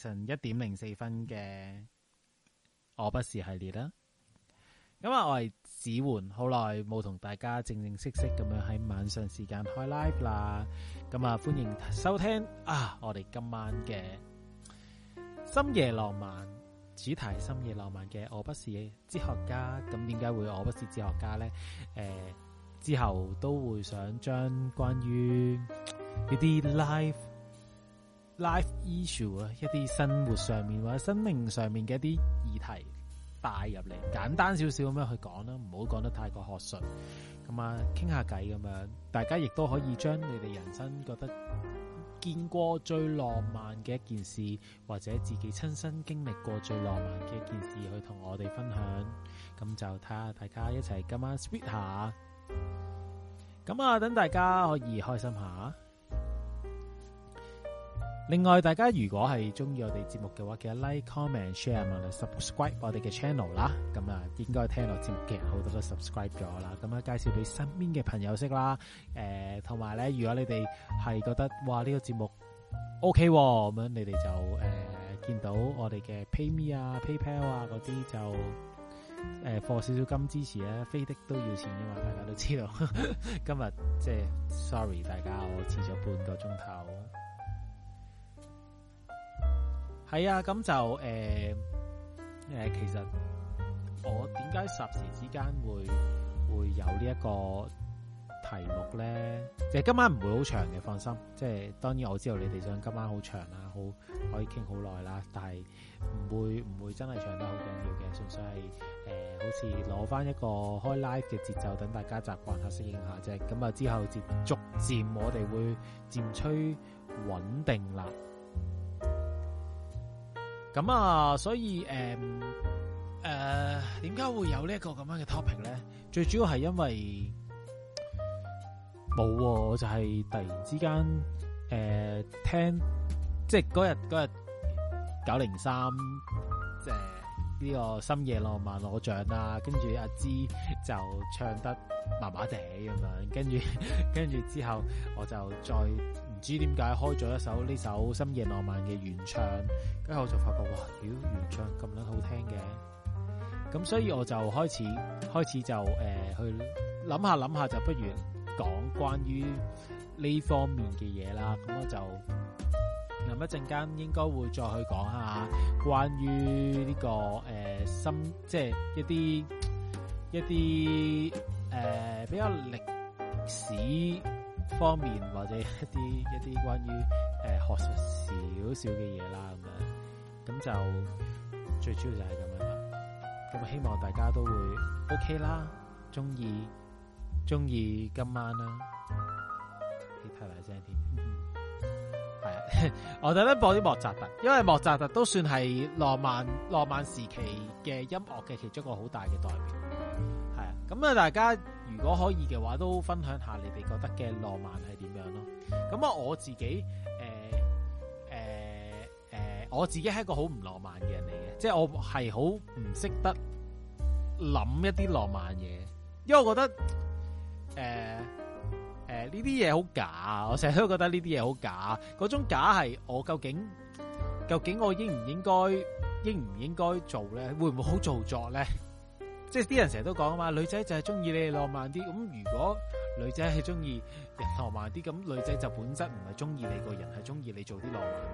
早晨一點零四分嘅我不是系列啦，咁啊，我係子煥，好耐冇同大家正正式式咁樣喺晚上時間開 live 啦，咁啊，歡迎收聽啊，我哋今晚嘅深夜浪漫，主題深夜浪漫嘅我不是哲學家，咁點解會我不是哲學家咧？誒、欸，之後都會想將關於呢啲 live。life issue 啊，一啲生活上面或者生命上面嘅一啲議題帶入嚟，簡單少少咁樣去講啦，唔好講得太過學術。咁啊，傾下偈咁樣，大家亦都可以將你哋人生覺得見過最浪漫嘅一件事，或者自己親身經歷過最浪漫嘅一件事，去同我哋分享。咁就睇下大家一齊今晚 sweet 下。咁啊，等大家可以開心下。另外，大家如果係中意我哋節目嘅話，記得 like comment, share、comment、share 啊，同埋 subscribe 我哋嘅 channel 啦。咁啊，應該聽我節目嘅好多都 subscribe 咗啦。咁啊，介紹俾身邊嘅朋友識啦。誒、呃，同埋咧，如果你哋係覺得哇呢、這個節目 OK 咁、哦、樣你們，你哋就誒見到我哋嘅 PayMe 啊、PayPal 啊嗰啲就誒放、呃、少少金支持啊。飛的都要錢，因為大家都知道。 今日即係 sorry 大家，我遲咗半個鐘頭。係啊，咁就、呃呃、其實我點解霎時之間會會有呢一個題目咧？即、就、係、是、今晚唔會好長嘅，放心。即、就、係、是、當然我知道你哋想今晚好長啦、呃，好可以傾好耐啦，但係唔會唔會真係長得好緊要嘅，純粹係呃，好似攞翻一個開 live 嘅節奏，等大家習慣下、適應下啫。咁啊，之後接逐漸我哋會漸趨穩定啦。咁啊，所以誒誒，點、嗯、解、呃、會有、這個、呢一個咁樣嘅 topic 咧？最主要係因為冇、啊，就係、是、突然之間誒、呃、聽，即係嗰日嗰日九零三，即係呢個深夜浪漫攞獎啊，跟住阿芝就唱得麻麻地咁樣，跟住跟住之後我就再。唔知點解開咗一首呢首《深夜浪漫》嘅原唱，跟後我就發覺哇，原唱咁樣好聽嘅，咁所以我就開始開始就誒、呃、去諗下諗下，就不如講關於呢方面嘅嘢啦。咁我就諗一陣間應該會再去講下關於呢、呢個誒、呃、深，即係一啲一啲誒比較歷史方面或者一啲一啲關於誒、呃、學術少少嘅嘢啦咁樣，咁就最主要就係咁樣啦。咁啊，希望大家都會 OK 啦，中意中意今晚啦。你睇嚟真係點？係、嗯、啊，我等緊播啲莫扎特，因為莫扎特都算係浪漫浪漫時期嘅音樂嘅其中一個好大嘅代表。咁啊，大家如果可以嘅話，都分享下你哋覺得嘅浪漫係點樣咯？咁啊、呃呃呃，我自己誒誒誒，我自己係一個好唔浪漫嘅人嚟嘅，即、就、係、是、我係好唔識得諗一啲浪漫嘢，因為我覺得誒誒呢啲嘢好假，我成日都覺得呢啲嘢好假，嗰種假係我究竟究竟我應唔應該應唔應該做咧？會唔會好做作咧？即係啲人成日都講啊嘛，女仔就係中意你浪漫啲。咁如果女仔係中意人浪漫啲，咁女仔就本質唔係中意你個人，係中意你做啲浪漫嘢。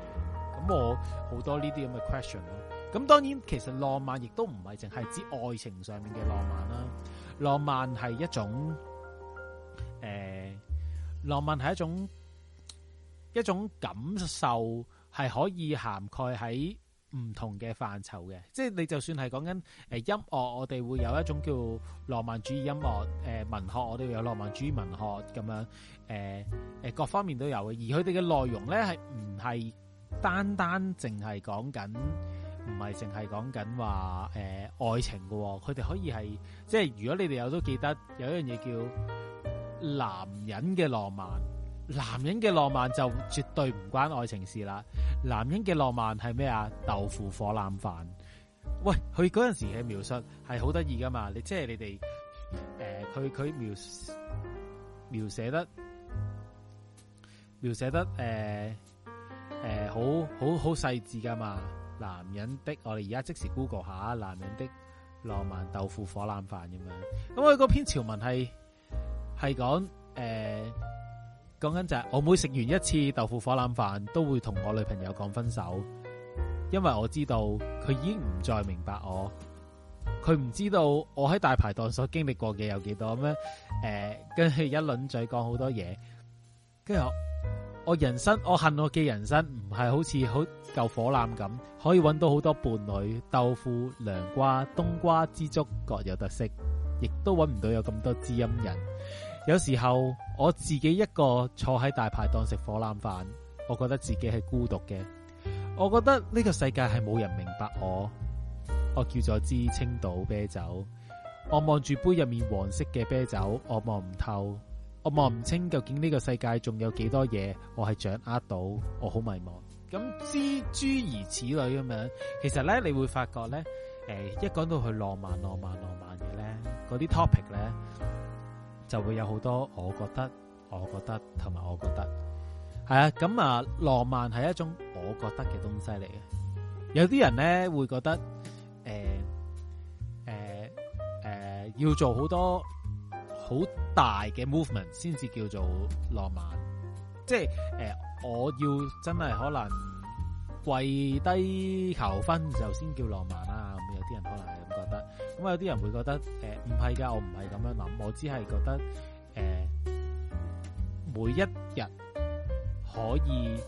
咁我好多呢啲咁嘅 question 咯。咁當然其實浪漫亦都唔係淨係指愛情上面嘅浪漫啦。浪漫係一種，誒、呃，浪漫係一種一種感受，係可以涵蓋喺。唔同嘅範疇嘅，即係你就算係講緊誒音樂，我哋會有一種叫浪漫主義音樂；誒、呃、文學，我哋會有浪漫主義文學咁樣。誒、呃、誒，各方面都有嘅。而佢哋嘅內容咧，係唔係單單淨係講緊，唔係淨係講緊話誒愛情噶佢哋可以係，即係如果你哋有都記得有一樣嘢叫男人嘅浪漫。男人嘅浪漫就絕對唔關愛情事啦。男人嘅浪漫係咩啊？豆腐火腩飯。喂，佢嗰陣時嘅描述係好得意㗎嘛？你即係、就是、你哋誒，佢、呃、佢描描寫得描寫得誒誒好好好細緻㗎嘛？男人的我哋而家即時 Google 下男人的浪漫豆腐火腩飯咁樣。咁佢嗰篇潮文係係講誒。講緊就係我每食完一次豆腐火腩飯，都會同我女朋友講分手，因為我知道佢已經唔再明白我，佢唔知道我喺大排檔所經歷過嘅有幾多咩誒、嗯嗯，跟、嗯、住一輪嘴講好多嘢，跟住我，我人生我恨我嘅人生唔係好似好嚿火腩咁，可以揾到好多伴侶，豆腐、涼瓜、冬瓜枝竹各有特色，亦都揾唔到有咁多知音人。有時候我自己一個坐喺大排檔食火腩飯，我覺得自己係孤獨嘅。我覺得呢個世界係冇人明白我。我叫咗支青島啤酒，我望住杯入面黃色嘅啤酒，我望唔透，我望唔清究竟呢個世界仲有幾多嘢我係掌握到，我好迷茫。咁諸如此類咁樣，其實咧你會發覺咧，誒、呃，一講到去浪漫、浪漫、浪漫嘅咧，嗰啲 topic 咧。就會有好多我覺得、我覺得同埋我覺得，係啊，咁啊，浪漫係一種我覺得嘅東西嚟嘅。有啲人咧會覺得，誒、呃，誒、呃，誒、呃，要做好多好大嘅 movement 先至叫做浪漫，即係誒、呃，我要真係可能跪低求婚就先叫浪漫啦。咁有啲人會覺得，誒唔係㗎，我唔係咁樣諗，我只係覺得，誒、呃、每一日可以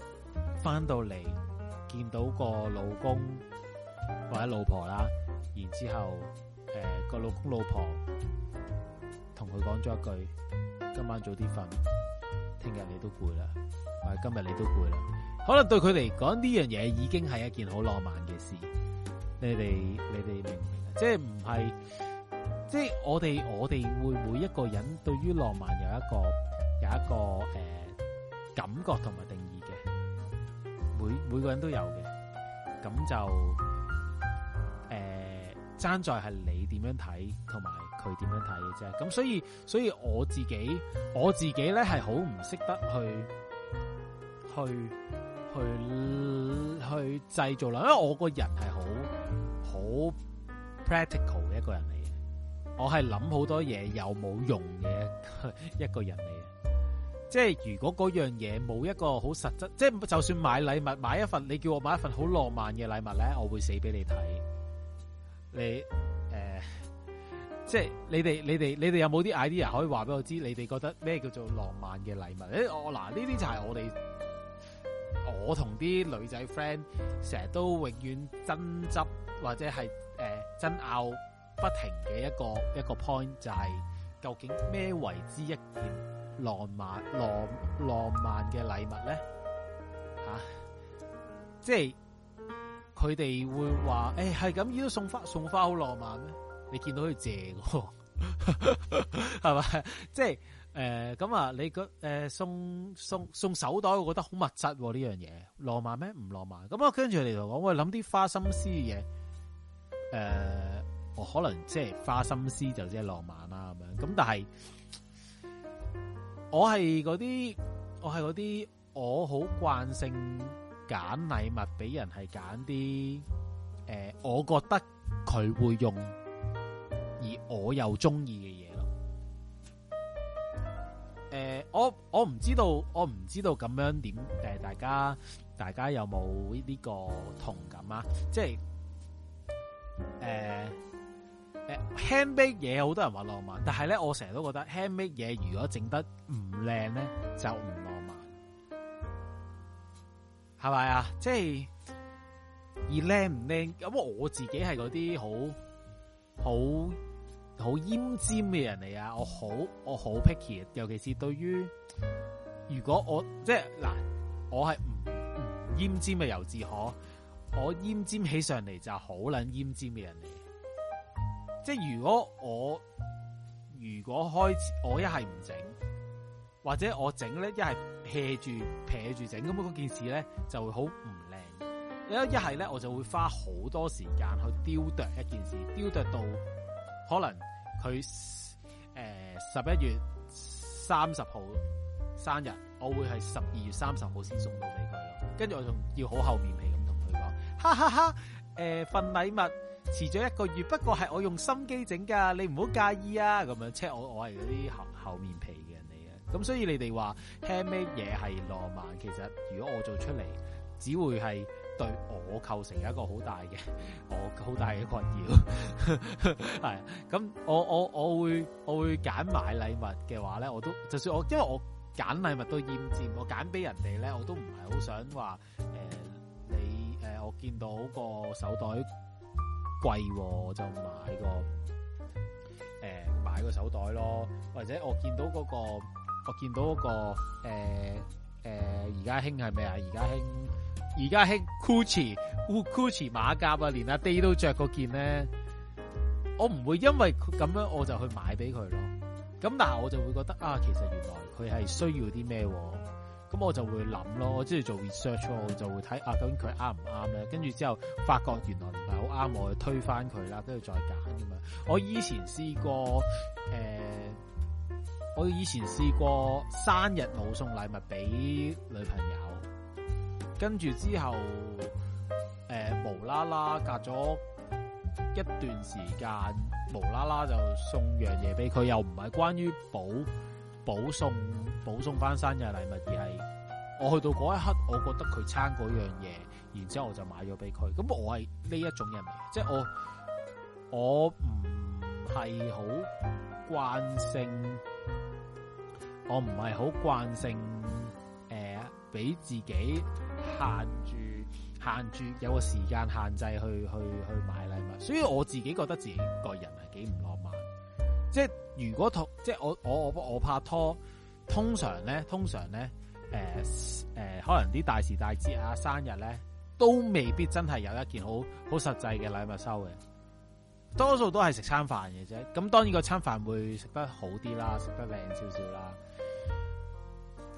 翻到嚟見到個老公或者老婆啦，然之後，誒、呃、個老公老婆同佢講咗一句，今晚早啲瞓，聽日你都攰啦，或者今日你都攰啦，可能對佢嚟講呢樣嘢已經係一件好浪漫嘅事。你哋你哋明唔明啊？即係唔係？即係我哋我哋會每一個人對於浪漫有一個有一個誒、呃、感覺同埋定義嘅，每每個人都有嘅。咁就誒爭、呃、在係你點樣睇同埋佢點樣睇嘅啫。咁所以所以我自己我自己呢係好唔識得去去。去去製造啦，因為我個人係好好 practical 嘅一個人嚟嘅，我係諗好多嘢又冇用嘅一,一個人嚟嘅，即係如果嗰樣嘢冇一個好實質，即係就算買禮物買一份，你叫我買一份好浪漫嘅禮物咧，我會死俾你睇。你誒、呃，即係你哋你哋你哋有冇啲 idea 可以話俾我知？你哋覺得咩叫做浪漫嘅禮物？誒，我嗱呢啲就係我哋。我同啲女仔 friend 成日都永遠爭執，或者係誒、呃、爭拗不停嘅一個一個 point 就係究竟咩為之一件浪漫、浪、浪漫嘅禮物咧？吓、啊？即係佢哋會話，誒係咁，而、欸，家送花送花好浪漫咩？你見到佢借個係嘛？即係。誒，咁啊，呃，你嗰誒、呃、送送送手袋，我覺得好物質呢樣嘢，浪漫咩？唔浪漫。咁啊，跟住嚟同講，我諗啲花心思嘅嘢。誒、呃，我可能即係花心思就即係浪漫啦，咁樣。咁但係我係嗰啲，我係嗰啲，我好慣性揀禮物俾人，係揀啲誒，我覺得佢會用，而我又中意嘅嘢。誒、呃，我我唔知道，我唔知道咁樣點誒、呃，大家大家有冇呢個同感啊？即係誒、呃、誒、呃，handmade 嘢，好多人話浪漫，但係咧我成日都覺得 handmade 嘢如果整得唔靚咧，就唔浪漫，係咪啊？即係而靚唔靚咁？我自己係嗰啲好好，好奄尖嘅人嚟啊！我好我好 picky，尤其是對於如果我即係嗱，我係唔奄尖嘅由自可，我奄尖起上嚟就好捻奄尖嘅人嚟。即係如果我如果開始我一係唔整，或者我整咧一係撇住撇住整，咁樣嗰件事咧就會好唔靚。一係咧我就會花好多時間去雕琢一件事，雕琢到。可能佢誒十一月三十號生日，我會係十二月三十號先送到俾佢咯。跟住我仲要好厚面皮咁同佢講，哈哈哈，誒！份禮物遲咗一個月，不過係我用心機整㗎，你唔好介意啊！咁樣，即係我我係嗰啲厚厚面皮嘅人嚟嘅。咁所以你哋話 handmade 嘢係浪漫？其實如果我做出嚟，只會係。對我構成一個好大嘅，我好大嘅困擾，咁， 我我我會我會揀買禮物嘅話咧，我都就算我因為我揀禮物都厭尖，我揀俾人哋咧，我都唔係好想話、呃、你、呃、我見到嗰個手袋貴，我就買個、呃、買個手袋咯，或者我見到嗰個我見到嗰個、呃誒，而家興係咩？啊？而家興，而家興 Gucci，Gucci 馬甲啊，連阿爹都着個件咧。我唔會因為佢咁樣我就去買俾佢咯。咁但係我就會覺得啊，其實原來佢係需要啲咩，咁我就會諗咯、就是、咯。我即係做 research，我就會睇啊，究竟佢啱唔啱咧？跟住之後發覺原來唔係好啱，我就推翻佢啦，跟住再揀咁樣。我以前試過誒。呃我以前試過生日冇送禮物俾女朋友，跟住之後，誒、呃、無啦啦隔咗一段時間，無啦啦就送樣嘢俾佢，又唔係關於補補送補送翻生日禮物，而係我去到嗰一刻，我覺得佢差嗰樣嘢，然之後我就買咗俾佢。咁我係呢一種人嚟，即係我我唔係好慣性。我唔係好慣性，誒、呃，俾自己限住限住有個時間限制去去去買禮物，所以我自己覺得自己個人係幾唔浪漫。即係如果同即係我我我我拍拖，通常咧，通常咧，誒、呃呃、可能啲大時大節啊、生日咧，都未必真係有一件好好實際嘅禮物收嘅。多數都係食餐飯嘅啫。咁當然個餐飯會食得好啲啦，食得靚少少啦。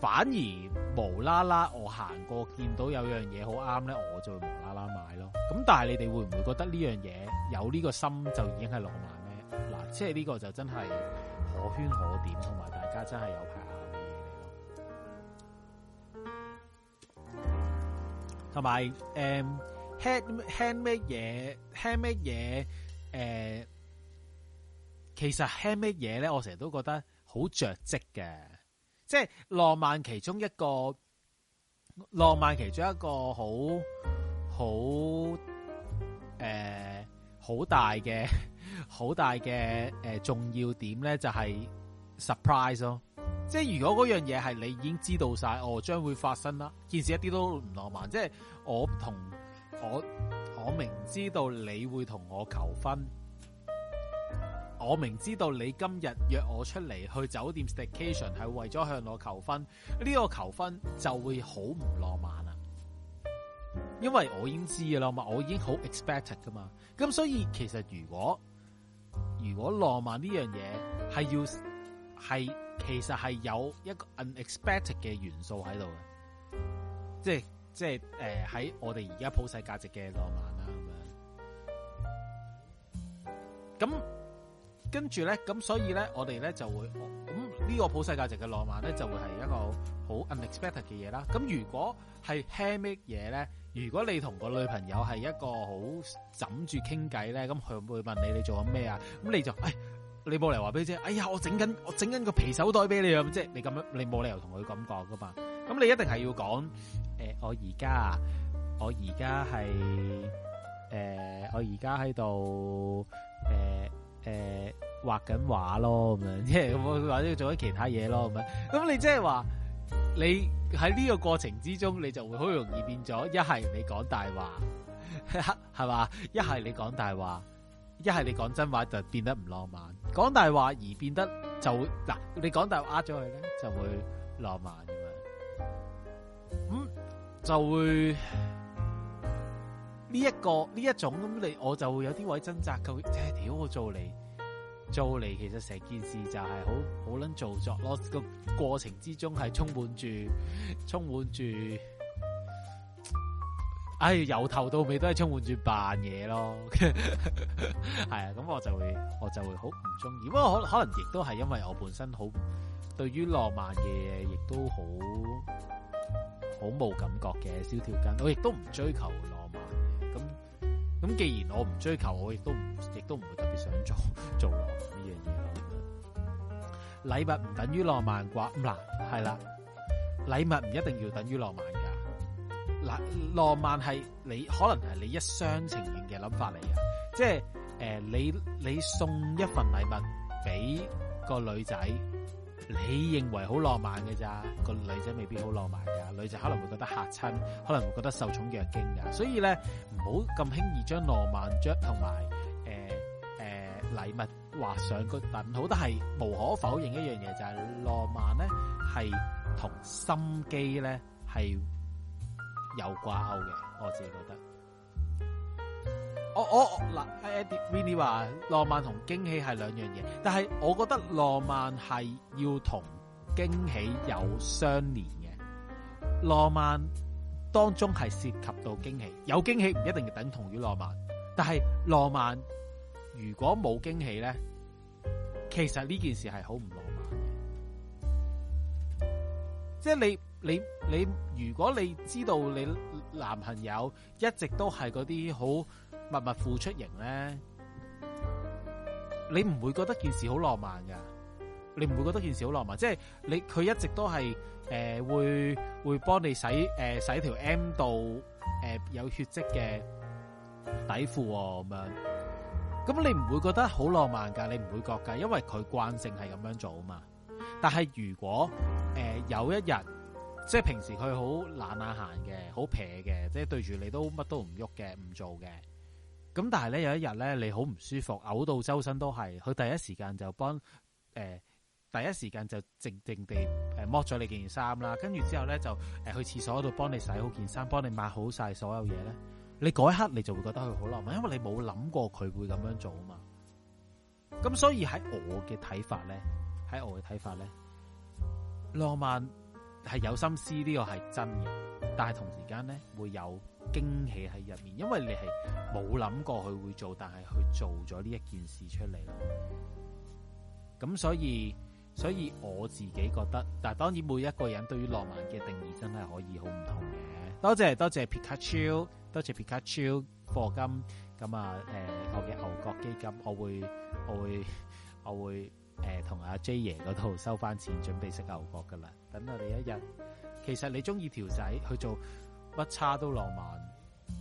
反而無啦啦，我行過見到有樣嘢好啱咧，我就無啦啦買咯。咁但係你哋會唔會覺得呢樣嘢有呢個心就已經係浪漫咧？嗱、啊，即係呢個就真係可圈可點，同埋大家真係有排啱嘅嘢嚟咯。同埋誒，hand hand 咩嘢？hand 咩嘢？誒、呃，其實 hand 咩嘢咧？我成日都覺得好着迹嘅。即係浪漫其中一個浪漫其中一個好好誒好大嘅好大嘅誒、呃、重要點咧就係 surprise 咯、哦、即係如果嗰樣嘢係你已經知道晒我、哦、將會發生啦件事，一啲都唔浪漫，即係我同我我明知道你會同我求婚。我明知道你今日約我出嚟，去酒店 staycation 係為咗向我求婚，呢、這個求婚就會好唔浪漫啊！因為我已經知噶啦嘛，我已經好 expected 噶嘛，咁所以其實如果如果浪漫呢樣嘢，係要係其實係有一個 unexpected 嘅元素喺度嘅，即係即係誒喺我哋而家普世價值嘅浪漫啦咁樣，咁。跟住咧，咁所以咧，我哋咧就會，咁呢個普世價值嘅浪漫咧，就會係一個好 unexpected 嘅嘢啦。咁如果係 handmade 嘢咧，如果你同個女朋友係一個好枕住傾偈咧，咁佢會問你你做緊咩啊？咁你就，誒、哎，你冇理由話俾佢知，哎呀，我整緊我整緊個皮手袋俾你啊！咁即係你咁樣，你冇理由同佢咁講噶嘛。咁你一定係要講，誒、呃，我而家我而家係，誒，我而家喺度，誒、呃。誒，畫緊畫咯，咁樣，即係咁或者做緊其他嘢咯，咁樣。咁你即係話，你喺呢個過程之中，你就會好容易變咗。一係你講大 話，係嘛？一係你講大話，一係你講真話就變得唔浪漫。講大話而變得就，嗱，你講大話呃咗佢咧，就會浪漫咁樣，咁、嗯、就會。呢一個呢一種，咁你我就會有啲位掙扎，咁誒屌我做嚟做嚟，其實成件事就係好好撚做作咯，個過程之中係充滿住充滿住，唉、哎、由頭到尾都係充滿住扮嘢咯，係 啊，咁我就會我就會好唔中意，不過可可能亦都係因為我本身好對於浪漫嘅嘢，亦都好好冇感覺嘅，少條筋，我亦都唔追求浪漫。咁既然我唔追求，我亦都唔亦都唔會特別想做做呢樣嘢咯。禮物唔等於浪漫啩？咁嗱，係、嗯、啦，禮物唔一定要等於浪漫噶。嗱，浪漫係你可能係你一廂情願嘅諗法嚟噶，即係誒、呃，你你送一份禮物俾個女仔。你認為好浪漫嘅咋？個女仔未必好浪漫㗎，女仔可能會覺得吓親，可能會覺得受寵若驚㗎。所以咧，唔、呃呃、好咁輕易將浪漫着同埋誒誒禮物畫上個等號。但係無可否認一樣嘢就係浪漫咧，係同心機咧係有掛鈎嘅。我自己覺得。我我嗱，Adi Winnie 話浪漫同驚喜係兩樣嘢，但係我覺得浪漫係要同驚喜有相連嘅。浪漫當中係涉及到驚喜，有驚喜唔一定等同於浪漫，但係浪漫如果冇驚喜咧，其實呢件事係好唔浪漫嘅。即係你你你，如果你知道你男朋友一直都係嗰啲好，默默付出型咧，你唔會覺得件事好浪漫噶？你唔會覺得件事好浪漫？即係你佢一直都係誒、呃、會會幫你洗誒、呃、洗條 M 度誒、呃、有血跡嘅底褲喎咁樣，咁你唔會覺得好浪漫噶？你唔會覺噶？因為佢慣性係咁樣做啊嘛。但係如果誒、呃、有一日，即係平時佢好懶懶閒嘅，好撇嘅，即係對住你都乜都唔喐嘅，唔做嘅。咁但係咧有一日咧，你好唔舒服，嘔到周身都係，佢第一時間就幫誒、呃，第一時間就靜靜地誒，剝咗你件衫啦，跟住之後咧就誒去廁所度幫你洗好件衫，幫你抹好晒所有嘢咧，你嗰一刻你就會覺得佢好浪漫，因為你冇諗過佢會咁樣做啊嘛。咁所以喺我嘅睇法咧，喺我嘅睇法咧，浪漫係有心思呢個係真嘅，但係同時間咧會有。驚喜喺入面，因為你係冇諗過佢會做，但係佢做咗呢一件事出嚟啦。咁所以，所以我自己覺得，但係當然每一個人對於浪漫嘅定義真係可以好唔同嘅。多謝多謝皮卡丘，多謝皮卡丘課金咁啊！誒、呃，我嘅牛角基金，我會我會我會誒同阿 J 爺嗰度收翻錢，準備食牛角噶啦。等我哋一日，其實你中意條仔去做。乜差都浪漫，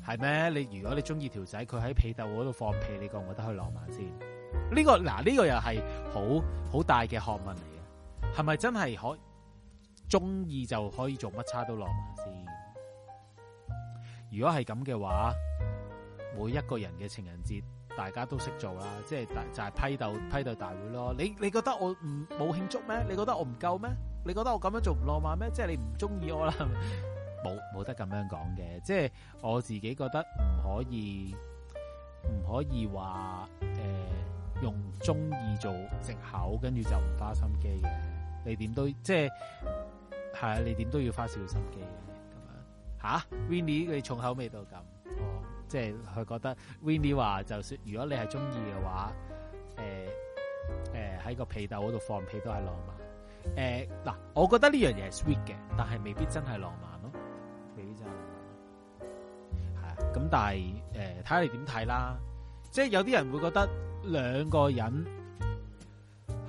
係咩？你如果你中意條仔，佢喺被竇嗰度放屁，你覺唔覺得佢浪漫先？呢個嗱呢個又係好好大嘅學問嚟嘅，係咪真係可中意就可以做乜差都浪漫先？如果係咁嘅話，每一個人嘅情人節大家都識做啦，即係就係批鬥批鬥大會咯。你你覺得我唔冇慶祝咩？你覺得我唔夠咩？你覺得我咁樣做唔浪漫咩？即係你唔中意我啦。係咪冇冇得咁樣講嘅，即係我自己覺得唔可以唔可以話誒、呃、用中意做借口，跟住就唔花心機嘅。你點都即係係啊，你點都要花少心機嘅咁樣吓。Winnie 你重口味到咁哦，即係佢覺得 Winnie 話，就算如果你係中意嘅話，誒誒喺個被竇嗰度放屁都係浪漫誒。嗱、呃，我覺得呢樣嘢係 sweet 嘅，但係未必真係浪漫。咁但係誒，睇下你點睇啦，即係有啲人會覺得兩個人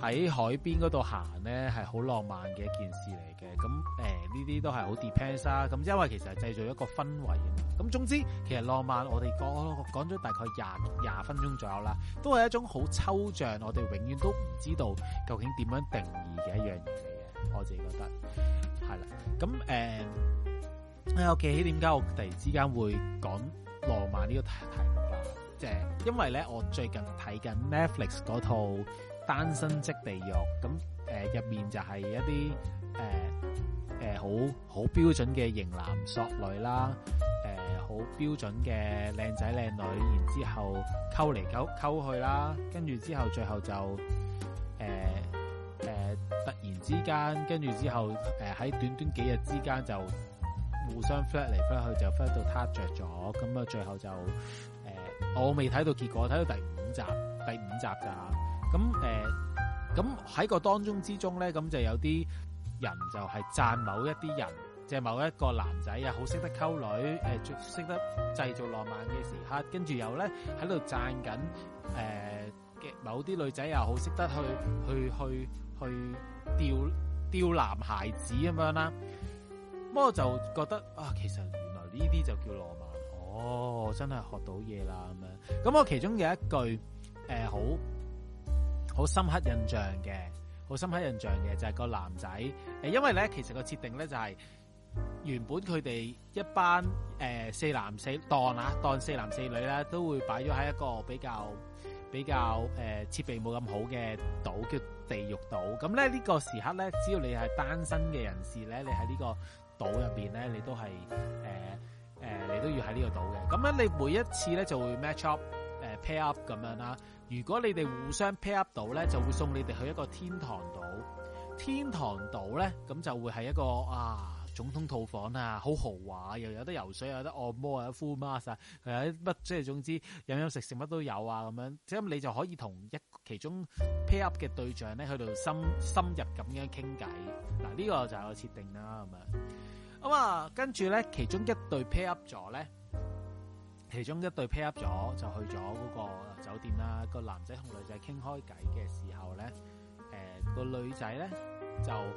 喺海邊嗰度行咧，係好浪漫嘅一件事嚟嘅。咁誒，呢、呃、啲都係好 depends 啦。咁因為其實係製造一個氛圍嘅，咁總之，其實浪漫我哋講講咗大概廿廿分鐘左右啦，都係一種好抽象，我哋永遠都唔知道究竟點樣定義嘅一樣嘢嚟嘅。我自己覺得係啦。咁誒。我記起點解我突然之間會講浪漫呢個題目啦，即係因為咧，我最近睇緊 Netflix 嗰套《單身即地獄》，咁、呃、入面就係一啲好好標準嘅型男索女啦，好、呃、標準嘅靚仔靚女，然之後溝嚟溝溝去啦，跟住之後最後就突然之間，跟住之後喺、呃、短短幾日之間就。互相 flat 嚟 flat 去就 flat 到撻着咗，咁啊最後就，誒、呃、我未睇到結果，睇到第五集第五集咋，咁誒，咁喺個當中之中咧，咁就有啲人就係讚某一啲人，即、就、係、是、某一個男仔啊，好識得溝女，誒、呃、識得製造浪漫嘅時刻，跟住又咧喺度讚緊，誒嘅、呃、某啲女仔又好識得去去去去釣釣男孩子咁樣啦。咁我就覺得啊，其實原來呢啲就叫浪漫哦！真係學到嘢啦咁樣。咁我其中有一句誒，好、呃、好深刻印象嘅，好深刻印象嘅就係、是、個男仔、呃。因為咧，其實個設定咧就係、是、原本佢哋一班誒、呃、四男四當啊，當四男四女咧都會擺咗喺一個比較比較誒設、呃、備冇咁好嘅島，叫地獄島。咁、嗯、咧呢、這個時刻咧，只要你係單身嘅人士咧，你喺呢、這個。島入邊咧，你都係誒誒，你都要喺呢個島嘅。咁樣你每一次咧就會 match up，誒、呃、pay up 咁樣啦、啊。如果你哋互相 pay up 到咧，就會送你哋去一個天堂島。天堂島咧咁就會係一個啊總統套房啊，好豪華、啊，又有得游水，又有得按摩，啊 full mask 啊。係有乜即係總之飲飲食食乜都有啊。咁樣即咁你就可以同一。其中 pair up 嘅對象咧，去到深深入咁樣傾偈。嗱、啊，呢、這個就係個設定啦，咁、嗯、樣。咁啊，跟住咧，其中一對 pair up 咗咧，其中一對 pair up 咗就去咗嗰個酒店啦。嗰個男仔同女仔傾開偈嘅時候咧，誒、呃嗰個女仔咧就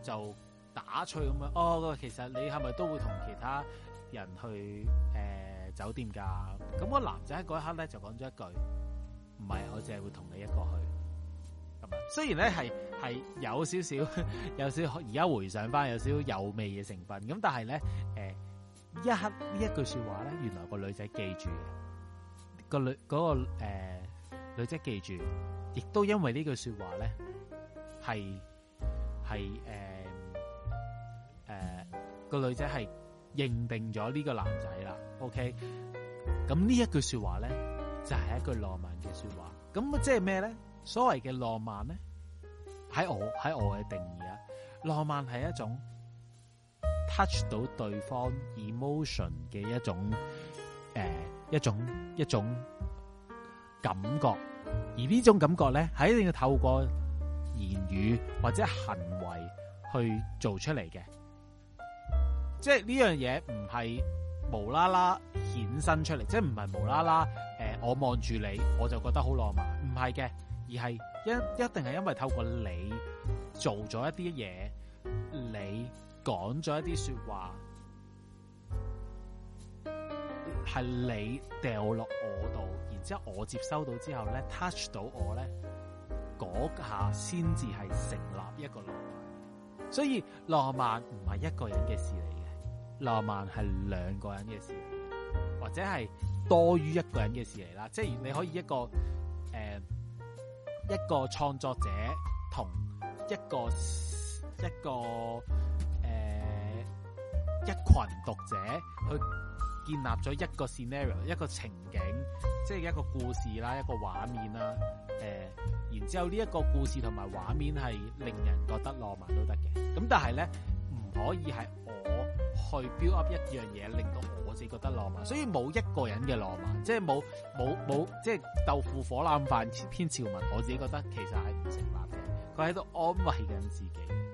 就打趣咁樣，哦，其實你係咪都會同其他人去誒、呃、酒店㗎？咁、嗰個男仔喺嗰一刻咧就講咗一句。唔係，我淨係會同你一個去咁啊。雖然咧係係有少少，有少而家回想翻有少少有味嘅成分。咁但係咧，誒、呃，一刻呢一句說話咧，原來個女仔記住個女、嗰個、呃、女個誒女仔記住，亦都因為這句呢句說話咧，係係誒誒個女仔係認定咗呢個男仔啦。OK，咁呢一句說話咧。就係一句浪漫嘅說話，咁即係咩咧？所謂嘅浪漫咧，喺我喺我嘅定義啊，浪漫係一種 touch 到對方 emotion 嘅一種誒、呃、一種一種感覺，而呢種感覺咧係一定要透過言語或者行為去做出嚟嘅，即係呢樣嘢唔係無啦啦顯身出嚟，即係唔係無啦啦。我望住你，我就覺得好浪漫。唔係嘅，而係一一定係因為透過你做咗一啲嘢，你講咗一啲說話，係你掉落我度，然之後我接收到之後咧，touch 到我咧，嗰下先至係成立一個浪漫。所以浪漫唔係一個人嘅事嚟嘅，浪漫係兩個人嘅事嚟嘅，或者係。多於一個人嘅事嚟啦，即係你可以一個誒、呃、一個創作者同一個一個誒、呃、一群讀者去。建立咗一個 scenario，一個情景，即係一個故事啦，一個畫面啦、呃，然之後呢一個故事同埋畫面係令人覺得浪漫都得嘅。咁但係咧，唔可以係我去 build up 一樣嘢，令到我自己覺得浪漫，所以冇一個人嘅浪漫，即係冇冇冇，即豆腐火腩飯篇潮文，我自己覺得其實係唔成立嘅，佢喺度安慰緊自己。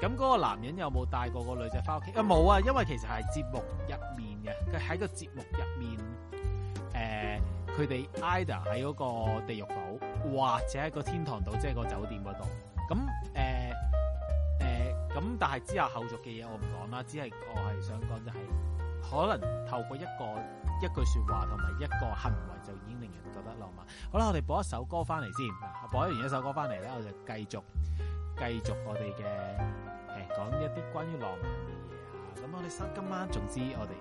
咁嗰個男人有冇帶過個女仔翻屋企？啊冇啊，因為其實係節目入面嘅，佢喺個節目入面，誒、呃，佢哋 ida 喺嗰個地獄島或者喺個天堂島，即係個酒店嗰度。咁誒誒，咁但係之後後續嘅嘢，我唔講啦，只係我係想講就係，可能透過一個一句說話同埋一個行為就已經令人覺得浪漫。好啦，我哋播一首歌翻嚟先，播完一首歌翻嚟咧，我就繼續。繼續我哋嘅，誒，講、呃、一啲關於浪漫嘅嘢啊！咁我哋今今晚總之我哋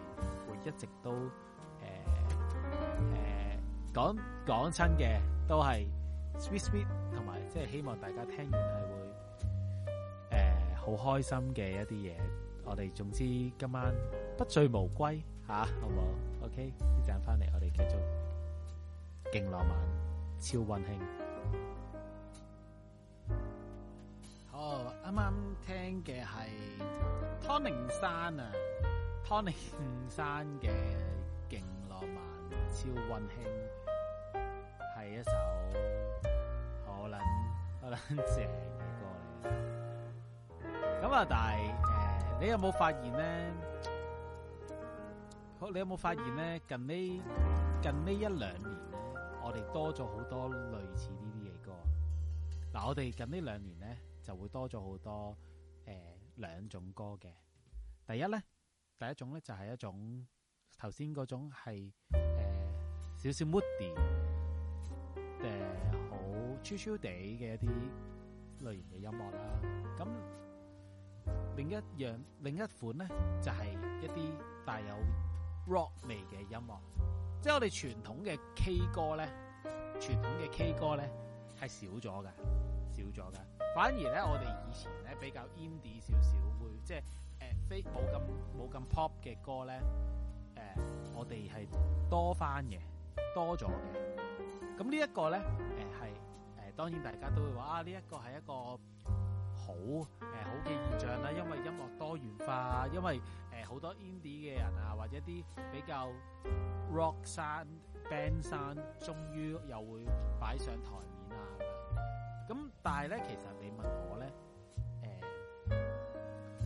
會一直都誒誒講講親嘅，都係 sweet sweet，同埋即係希望大家聽完係會誒好、呃、開心嘅一啲嘢。我哋總之今晚不醉無歸吓、啊，好冇好？OK，一陣翻嚟，我哋繼續，勁浪漫，超溫馨。啱啱聽嘅係 Tony 山啊，Tony 山嘅《勁浪漫超溫馨》，係一首可能可能正嘅歌嚟。咁啊，但係誒、呃，你有冇發現咧？好，你有冇發現咧？近呢近呢一兩年咧，我哋多咗好多類似呢啲嘅歌。嗱，我哋近呢兩年咧。就會多咗好多誒、呃，兩種歌嘅。第一咧，第一種咧就係、是、一種頭先嗰種係誒、呃、少少 moody 誒、呃、好 chill chill 哋嘅一啲類型嘅音樂啦、啊。咁另一樣另一款咧就係、是、一啲帶有 rock 味嘅音樂，即係我哋傳統嘅 K 歌咧，傳統嘅 K 歌咧係少咗嘅。少咗嘅，反而咧，我哋以前咧比較 indie 少少，會即係誒、啊，非冇咁冇咁 pop 嘅歌咧，誒、啊，我哋係多返嘅，多咗嘅。咁呢一個咧，誒係誒，當然大家都會話啊，呢、這、一個係一個好誒、啊、好嘅現象啦。因為音樂多元化，因為誒好、啊、多 indie 嘅人啊，或者啲比較 rock 山 band 山，終於又會擺上台面啊。咁但係咧，其實你問我咧，誒、欸，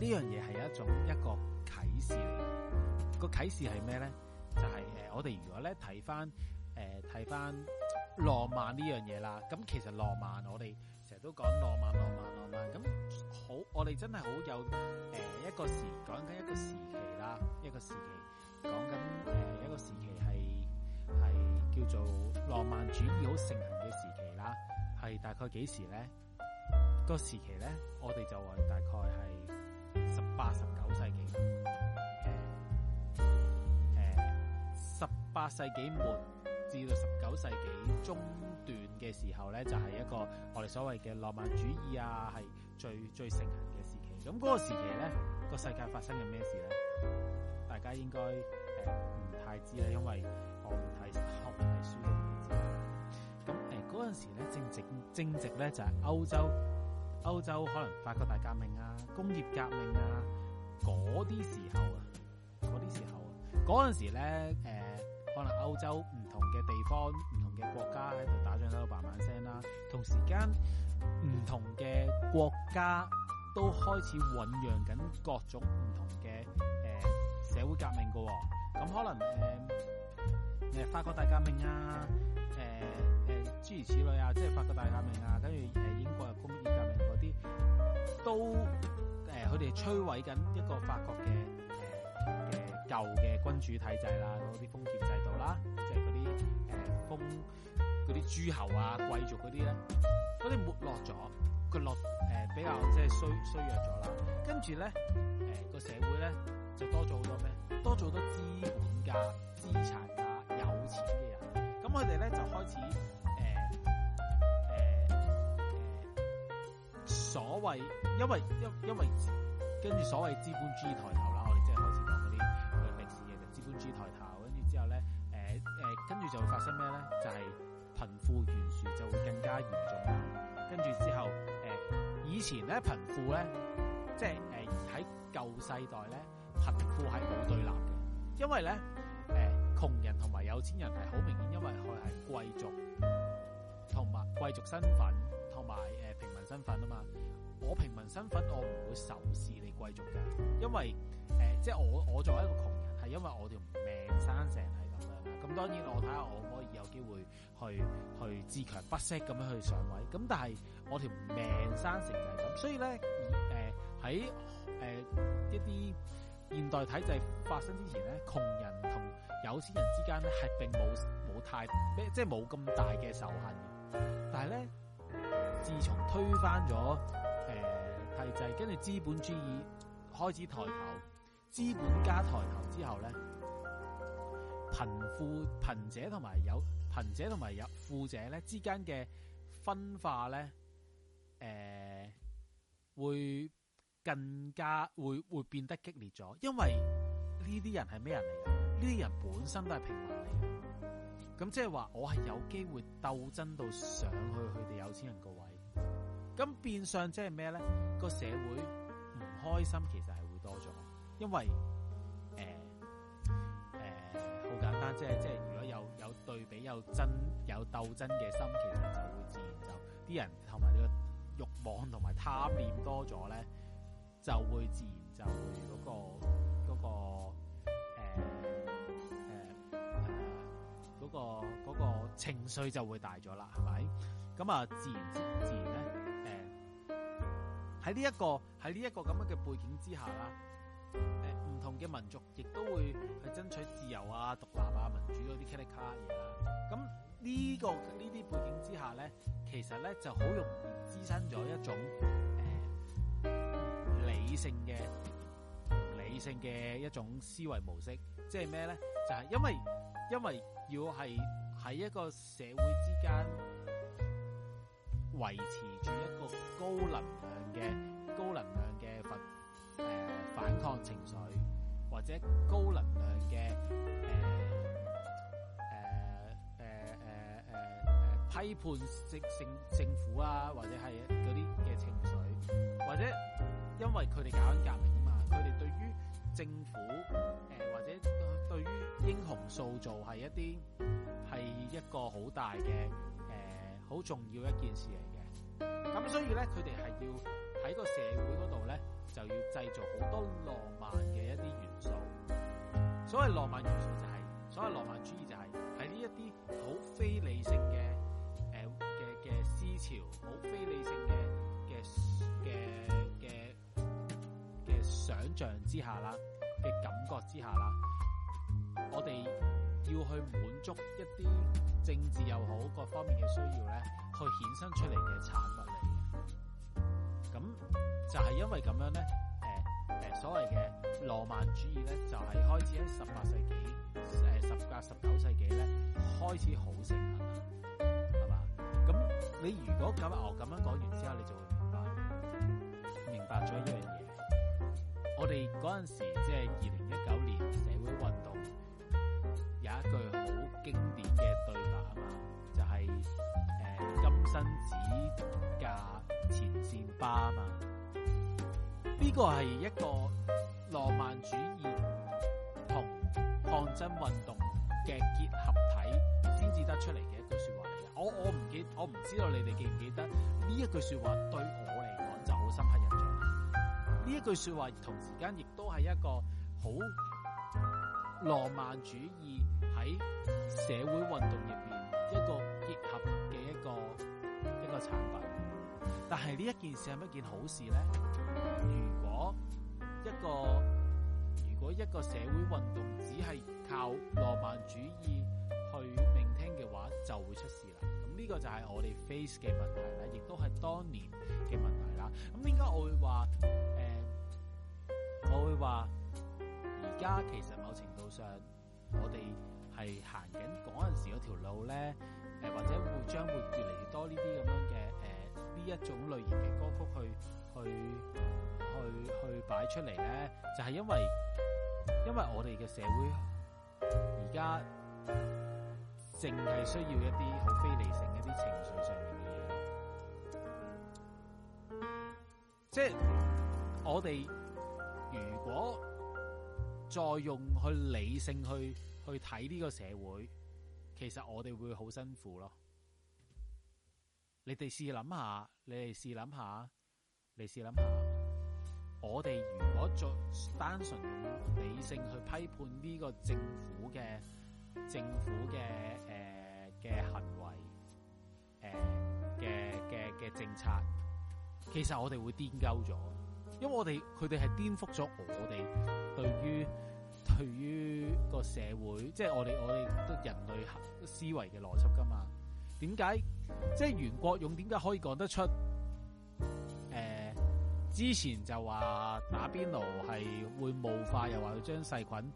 呢樣嘢係一種一個啟示嚟嘅。個啟示係咩咧？就係誒，我哋如果咧睇翻，誒睇翻浪漫呢樣嘢啦。咁其實浪漫，我哋成日都講浪漫、浪漫、浪漫。咁好，我哋真係好有誒、欸、一個時，講緊一個時期啦，一個時期講緊誒一個時期係係叫做浪漫主義好盛行。係大概幾時咧？個時期咧，我哋就話大概係十八、十九世紀，誒、呃，十八世紀末至到十九世紀中段嘅時候咧，就係一個我哋所謂嘅浪漫主義啊，係最最盛行嘅時期。咁嗰個時期咧，個世界發生緊咩事咧？大家應該誒唔太知啦，因為我睇黑皮書都唔知。嗰陣時咧，正值正值咧，就係歐洲歐洲可能法國大革命啊、工業革命啊嗰啲時候啊，嗰啲時候啊，嗰陣時咧，誒、呃，可能歐洲唔同嘅地方、唔同嘅國家喺度打仗喺度百萬聲啦、啊，同時間唔同嘅國家都開始醞釀緊各種唔同嘅誒、呃、社會革命噶、啊，咁可能誒。呃誒，法國大革命啊，誒、啊、誒、諸、啊、如此類啊，即係法國大革命啊，跟住誒，英國嘅工業革命嗰啲，都誒，佢、啊、哋摧毀緊一個法國嘅誒舊嘅君主體制啦，嗰啲封建制度啦，即係嗰啲誒封嗰啲諸侯啊，貴族嗰啲咧，嗰啲沒落咗。個落誒比較即係衰衰弱咗啦，跟住咧誒個社會咧就多咗好多咩？多咗好多資本家、資產家、有錢嘅人，咁佢哋咧就開始誒誒誒所謂因為因因為，因為跟住所謂資本主義抬頭啦，我哋即係開始講嗰啲歷史嘅資本主義抬頭，跟住之後咧誒誒跟住就會發生咩咧？就係、是、貧富懸殊就會更加嚴重啦，跟住之後。以前咧貧富咧，即係誒喺舊世代咧，貧富係冇對立嘅，因為咧誒窮人同埋有錢人係好明顯，因為佢係貴族，同埋貴族身份同埋誒平民身份啊嘛，我平民身份我唔會仇視你貴族噶，因為誒即係我我作為一個窮人係因為我條命生成係。咁當然我睇下我可唔可以有機會去去自強不息咁樣去上位，咁但係我條命生成就係咁，所以咧，誒喺誒一啲現代體制發生之前咧，窮人同有錢人之間咧係並冇冇太咩，即係冇咁大嘅仇恨。但係咧，自從推翻咗誒、呃、體制，跟住資本主義開始抬頭，資本家抬頭之後咧。貧富貧者同埋有貧者同埋有富者咧之間嘅分化咧，誒、呃，會更加會會變得激烈咗，因為呢啲人係咩人嚟？呢啲人本身都係平民嚟嘅，咁即係話我係有機會鬥爭到上去佢哋有錢人個位，咁變相即係咩咧？個社會唔開心其實係會多咗，因為。即係即係，如果有有對比，有爭，有鬥爭嘅心，其實就會自然就啲人同埋個慾望同埋貪念多咗咧，就會自然就會嗰個嗰個誒誒誒嗰個嗰個情緒就會大咗啦，係咪？咁啊，自然自然咧，誒喺呢一個喺呢一個咁樣嘅背景之下啦。誒，唔、呃、同嘅民族亦都會去爭取自由啊、獨立啊、民主嗰啲 critical 嘢啦。咁呢、啊這個呢啲背景之下咧，其實咧就好容易滋生咗一種誒、呃、理性嘅理性嘅一種思維模式。即係咩咧？就係、是、因為因為要係喺一個社會之間維持住一個高能量嘅高能量嘅佛。誒，反抗情緒或者高能量嘅，誒誒誒誒誒誒批判政政政府啊，或者係啲嘅情緒，或者因為佢哋搞緊革命啊嘛，佢哋對於政府誒、呃、或者對於英雄塑造係一啲係一個好大嘅誒好重要一件事嚟嘅。咁所以咧，佢哋係要喺個社會嗰度咧，就要製造好多浪漫嘅一啲元素。所謂浪漫元素就係、是，所謂浪漫主義就係喺呢一啲好非理性嘅誒嘅嘅思潮，好非理性嘅嘅嘅嘅嘅想象之下啦，嘅感覺之下啦，我哋。要去滿足一啲政治又好各方面嘅需要咧，去衍生出嚟嘅產物嚟嘅。咁就係因為咁樣咧，誒誒，所謂嘅浪漫主義咧，就係開始喺十八世紀誒十八十九世紀咧開始好盛行，係嘛？咁你如果咁我咁樣講完之後，你就會明白明白咗一樣嘢。我哋嗰陣時即係二零一九年社會運動。有一句好經典嘅對白啊嘛，就係、是、誒金生子價前線巴啊嘛，呢個係一個浪漫主義同抗爭運動嘅結合體先至得出嚟嘅一句説話嚟嘅。我我唔記，我唔知道你哋記唔記得呢一句説話，對我嚟講就好深刻印象。呢一句説話同時間亦都係一個好。浪漫主義喺社會運動入邊一個結合嘅一個一個產品，但係呢一件事係咪一件好事咧？如果一個如果一個社會運動只係靠浪漫主義去聆聽嘅話，就會出事啦。咁呢個就係我哋 face 嘅問題啦，亦都係當年嘅問題啦。咁點解我會話誒、呃，我會話而家其實某程度。我哋係行緊嗰陣時嗰條路咧，誒、呃、或者會將會越嚟越多呢啲咁樣嘅誒呢一種類型嘅歌曲去去去去擺出嚟咧，就係、是、因為因為我哋嘅社會而家淨係需要一啲好非理性嘅一啲情緒上面嘅嘢，即係吃我哋如果。再用去理性去去睇呢個社會，其實我哋會好辛苦咯。你哋試諗下，你哋試諗下，你試諗下，我哋如果再單純用理性去批判呢個政府嘅政府嘅誒嘅行為，誒嘅嘅嘅政策，其實我哋會顛鳩咗，因為我哋佢哋係顛覆咗我哋對於。對於個社會，即係我哋我哋人類行思維嘅邏輯噶嘛？點解即係袁國勇點解可以講得出？誒，之前就話打邊爐係會霧化，又話要將細菌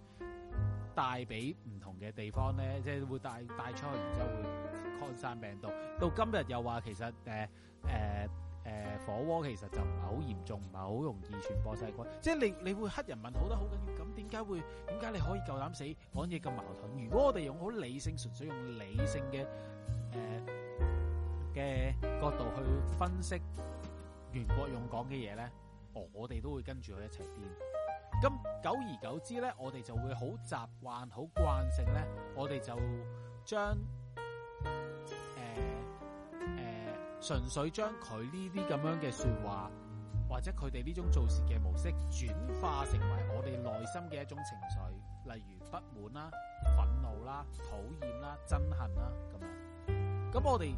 帶俾唔同嘅地方咧，即係會帶帶出去，然之後就會擴散病毒。到今日又話其實誒誒。呃呃誒、呃，火鍋其實就唔係好嚴重，唔係好容易傳播細菌。即係你你會黑人民好得好緊要，咁點解會？點解你可以夠膽死講嘢咁矛盾？如果我哋用好理性，純粹用理性嘅誒嘅角度去分析袁國勇講嘅嘢咧，哦，我哋都會跟住佢一齊癲。咁久而久之咧，我哋就會好習慣、好慣性咧，我哋就將。純粹將佢呢啲咁樣嘅說話，或者佢哋呢種做事嘅模式，轉化成為我哋內心嘅一種情緒，例如不滿啦、憤怒啦、討厭啦、憎恨啦咁樣。咁我哋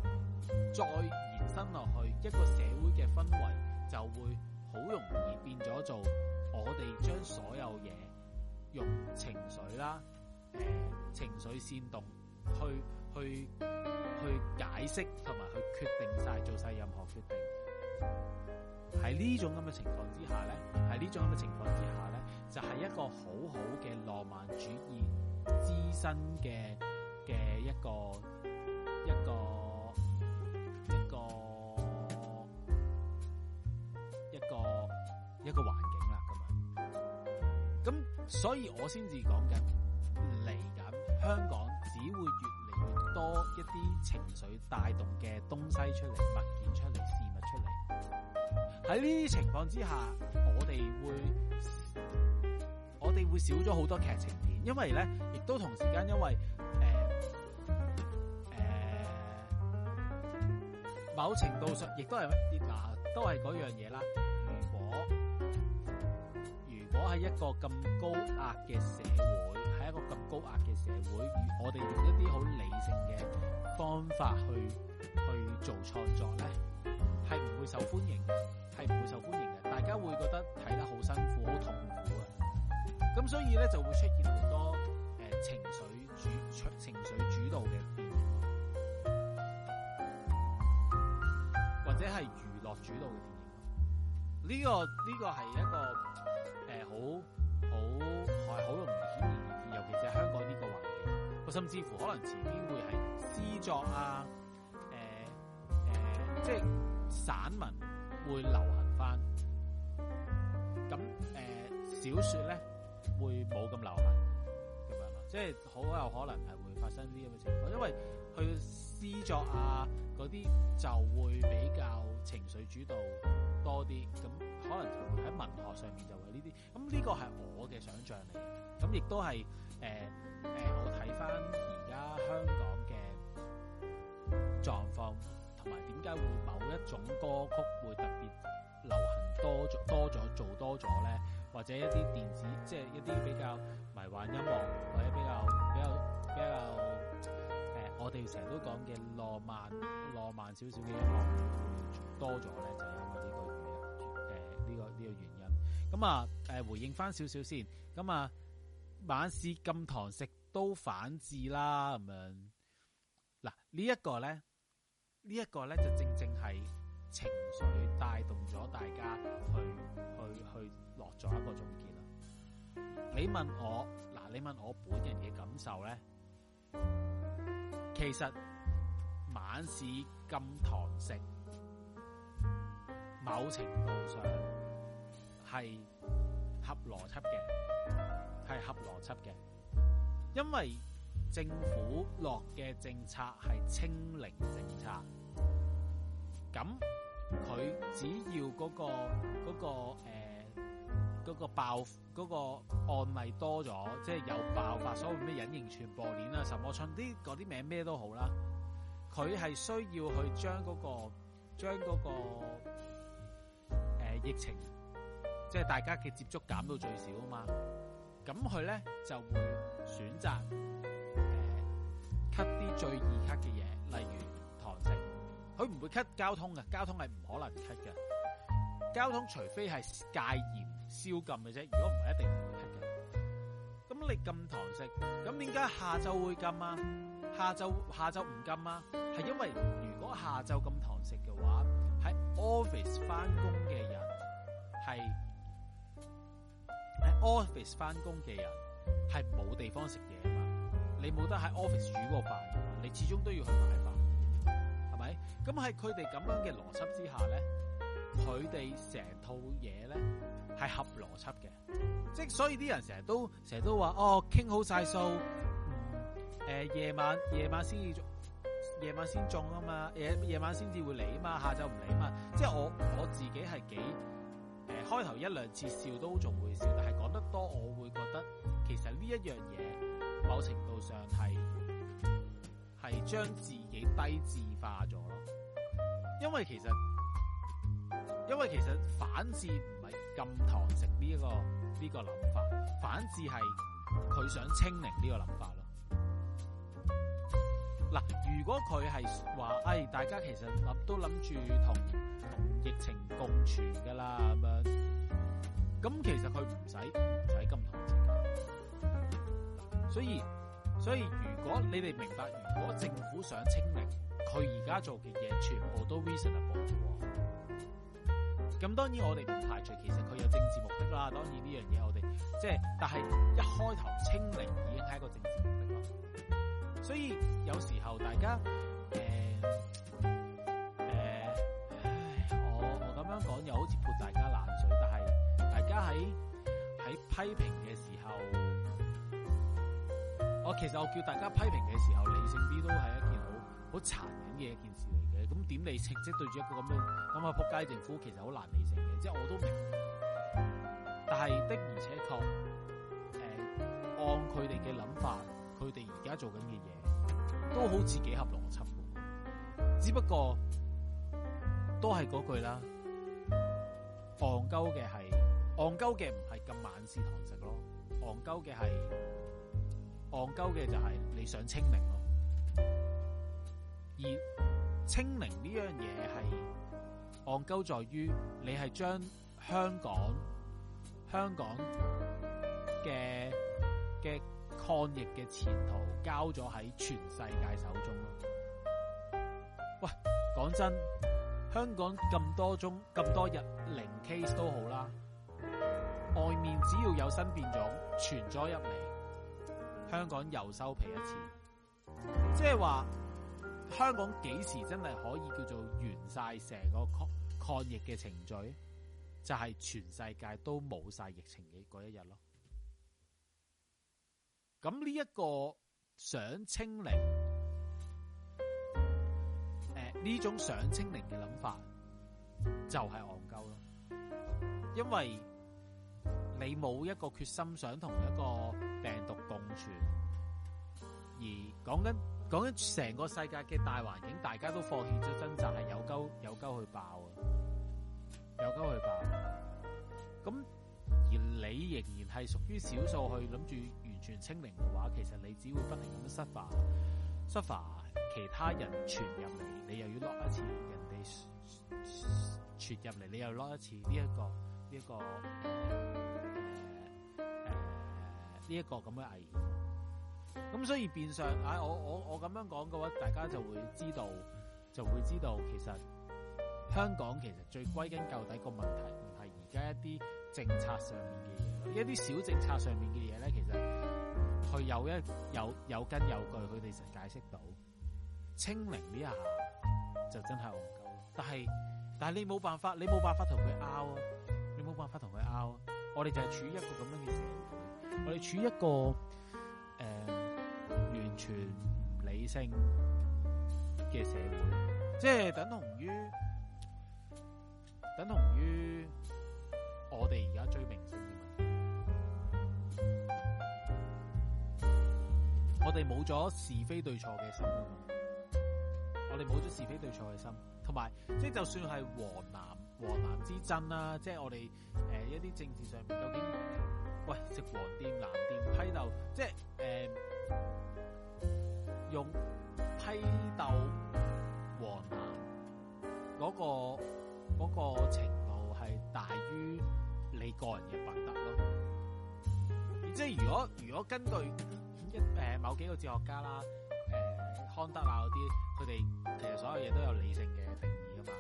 再延伸落去，一個社會嘅氛圍就會好容易變咗做，我哋將所有嘢用情緒啦，誒、呃、情緒煽動去。去去解釋同埋去決定晒做晒任何決定，喺呢種咁嘅情況之下咧，喺呢種咁嘅情況之下咧，就係、是、一個好好嘅浪漫主義滋生嘅嘅一個一個一個一個一個環境啦，咁樣。咁所以我先至講緊嚟緊香港。多一啲情緒帶動嘅東西出嚟，物件出嚟，事物出嚟。喺呢啲情況之下，我哋會，我哋會少咗好多劇情片，因為咧，亦都同時間因為，誒，誒，某程度上亦都係一啲，嗱，都係嗰樣嘢啦。喺一個咁高壓嘅社會，喺一個咁高壓嘅社會，我哋用一啲好理性嘅方法去去做創作咧，係唔會受歡迎嘅，係唔會受歡迎嘅。大家會覺得睇得好辛苦，好痛苦啊！咁所以咧就會出現好多誒、呃、情緒主、情緒主導嘅電影，或者係娛樂主導嘅電影。呢個呢個係一個。好好係好容易顯現，尤其是香港呢個環境，我甚至乎可能前面會係詩作啊，誒、呃、誒，即、呃、係、就是、散文會流行返，咁、嗯、誒、呃、小說咧會冇咁流行，咁樣咯，即係好有可能係會發生啲咁嘅情況，因為佢。詩作啊，嗰啲就會比較情緒主導多啲，咁可能就會喺文學上面就會呢啲，咁呢個係我嘅想象嚟，咁亦都係誒誒，我睇翻而家香港嘅狀況，同埋點解會某一種歌曲會特別流行多咗多咗做多咗咧，或者一啲電子，即係一啲比較迷幻音樂，或者比較比較比較。比較我哋成日都講嘅浪漫，浪漫少少嘅音樂多咗咧、這個，就係因為呢個原因。誒，呢個呢個原因。咁啊，誒回應翻少少先。咁啊，晚市禁堂食都反智啦，咁、嗯、樣。嗱，這個、呢一、這個咧，呢一個咧就正正係情緒帶動咗大家去去去落咗一個總結。你問我，嗱，你問我本人嘅感受咧？其實，晚市禁堂食，某程度上係合邏輯嘅，係合邏輯嘅，因為政府落嘅政策係清零政策，咁佢只要嗰、嗰個、嗰個誒。欸嗰個爆嗰、那個案例多咗，即係有爆發，所謂咩隱形傳播鏈啊、什麼春啲啲名咩都好啦，佢係需要去將嗰、那個將嗰、那個誒、呃、疫情，即係大家嘅接觸減到最少啊嘛，咁佢咧就會選擇誒 cut 啲最易 cut 嘅嘢，例如堂食，佢唔會 cut 交通嘅，交通係唔可能 cut 嘅，交通除非係戒嚴。宵禁嘅啫，如果唔係，一定唔會禁嘅。咁你禁堂食，咁點解下晝會禁啊？下晝下晝唔禁啊？係因為如果下晝禁堂食嘅話，喺 office 翻工嘅人係喺 office 翻工嘅人係冇地方食嘢啊嘛。你冇得喺 office 煮個飯，你始終都要去買飯，係咪？咁喺佢哋咁樣嘅邏輯之下咧。佢哋成套嘢咧係合邏輯嘅，即係所以啲人成日都成日都話哦，傾好晒數，誒夜晚夜晚先至中，夜晚先中啊嘛，夜夜晚先至會嚟啊嘛，下晝唔嚟啊嘛。即係我我自己係幾誒、呃、開頭一兩次笑都仲會笑，但係講得多我會覺得，其實呢一樣嘢某程度上係係將自己低智化咗咯，因為其實。因為其實反之唔係咁堂食呢一個呢、呢個諗法，反之係佢想清零呢個諗法咯。嗱，如果佢係話，誒，大家其實諗都諗住同同疫情共存噶啦咁樣，咁其實佢唔使唔使咁堂食。所以，所以如果你哋明白，如果政府想清零他現在，佢而家做嘅嘢全部都 reasonable 咁當然我哋唔排除其實佢有政治目的啦，當然呢樣嘢我哋即係，但係一開頭清零已經係一個政治目的咯。所以有時候大家誒誒、欸欸、我我咁樣講又好似潑大家冷水，但係大家喺喺批評嘅時候，我其實我叫大家批評嘅時候，理性啲都係一件。好殘忍嘅一件事嚟嘅，咁點你成績對住一個咁樣咁嘅撲街政府，其實好難理性嘅，即係我都明，但係的而且確誒、嗯、按佢哋嘅諗法，佢哋而家做緊嘅嘢都好似幾合邏輯嘅，只不過都係嗰句啦，戇鳩嘅係戇鳩嘅唔係咁晚時堂食咯，戇鳩嘅係戇鳩嘅就係你想清明咯。而清零呢樣嘢係戇鳩，在於你係將香港香港嘅嘅抗疫嘅前途交咗喺全世界手中咯。喂，講真，香港咁多宗咁多日零 case 都好啦，外面只要有新變種傳咗入嚟，香港又收皮一次，即係話。香港幾時真係可以叫做完晒成個抗抗疫嘅程序？就係、是、全世界都冇晒疫情嘅嗰一日咯。咁呢一個想清零，誒、呃、呢種想清零嘅諗法就係戇鳩咯，因為你冇一個決心想同一個病毒共存，而講緊。講緊成個世界嘅大環境，大家都放棄咗掙扎，係有鳩有鳩去爆啊，有鳩去爆。咁而你仍然係屬於少數，去諗住完全清零嘅話，其實你只會不停咁樣 suffer，suffer 其他人傳入嚟，你又要 lock 一次，人哋傳入嚟，你又 lock 一次，呢一個、呢一個、呢一個咁嘅危。咁所以變相，唉、哎，我我我咁樣講嘅話，大家就會知道，就會知道，其實香港其實最歸根究底個問題唔係而家一啲政策上面嘅嘢，嗯、一啲小政策上面嘅嘢咧，其實佢有一有有根有據，佢哋就解釋到，清零呢一下就真係戇鳩，但係但係你冇辦法，你冇辦法同佢拗啊，你冇辦法同佢拗啊，我哋就係處於一個咁樣嘅社會，我哋處於一個。誒、呃，完全唔理性嘅社會，即係等同於等同於我哋而家追明星，我哋冇咗是非對錯嘅心，我哋冇咗是非對錯嘅心，同埋即係就算係黃藍。黃藍之爭啦、啊，即係我哋誒、呃、一啲政治上面究竟，喂，食黃店藍店批鬥，即係誒、呃、用批鬥黃藍嗰、那個、那個程度係大於你個人嘅品德咯。即係如果如果根據一誒、呃、某幾個哲學家啦，誒、呃、康德啊啲，佢哋其實所有嘢都有理性嘅定義噶嘛。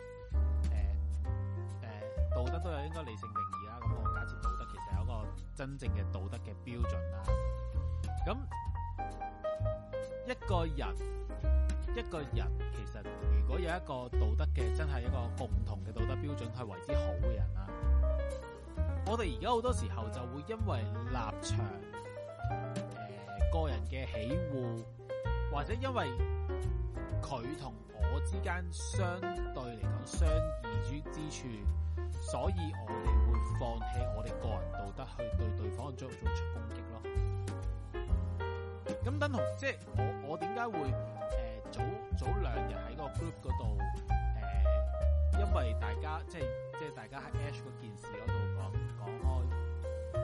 道德都有應該理性定義啦，咁我假設道德其實有一個真正嘅道德嘅標準啦。咁一個人，一個人其實如果有一個道德嘅，真係一個共同嘅道德標準係為之好嘅人啦。我哋而家好多時候就會因為立場，誒、呃、個人嘅喜惡，或者因為佢同。我之間相對嚟講相異之之處，所以我哋會放棄我哋個人道德去對對方做做出攻擊咯。咁等同即係我我點解會誒、呃、早早兩日喺個 group 嗰度誒，因為大家即係即係大家喺 H 嗰件事嗰度講講開誒，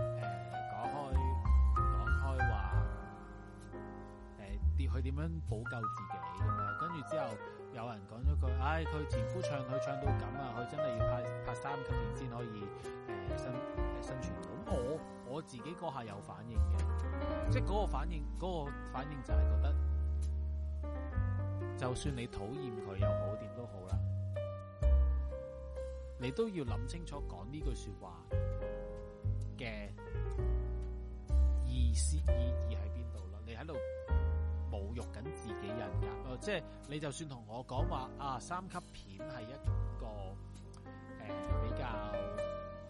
講、呃、開講開話誒，跌去點樣補救自己咁樣，跟住之後。有人講咗句，唉、哎，佢前夫唱，佢唱到咁啊，佢真係要拍拍三級片先可以誒、呃、生誒、呃、生存。咁我我自己嗰下有反應嘅，即係嗰個反應，嗰、那個反應就係覺得，就算你討厭佢又好，點都好啦，你都要諗清楚講呢句説話嘅意思意義喺邊度咯？你喺度。侮辱緊自己人噶，即係你就算同我講話啊，三級片係一個誒、呃、比較，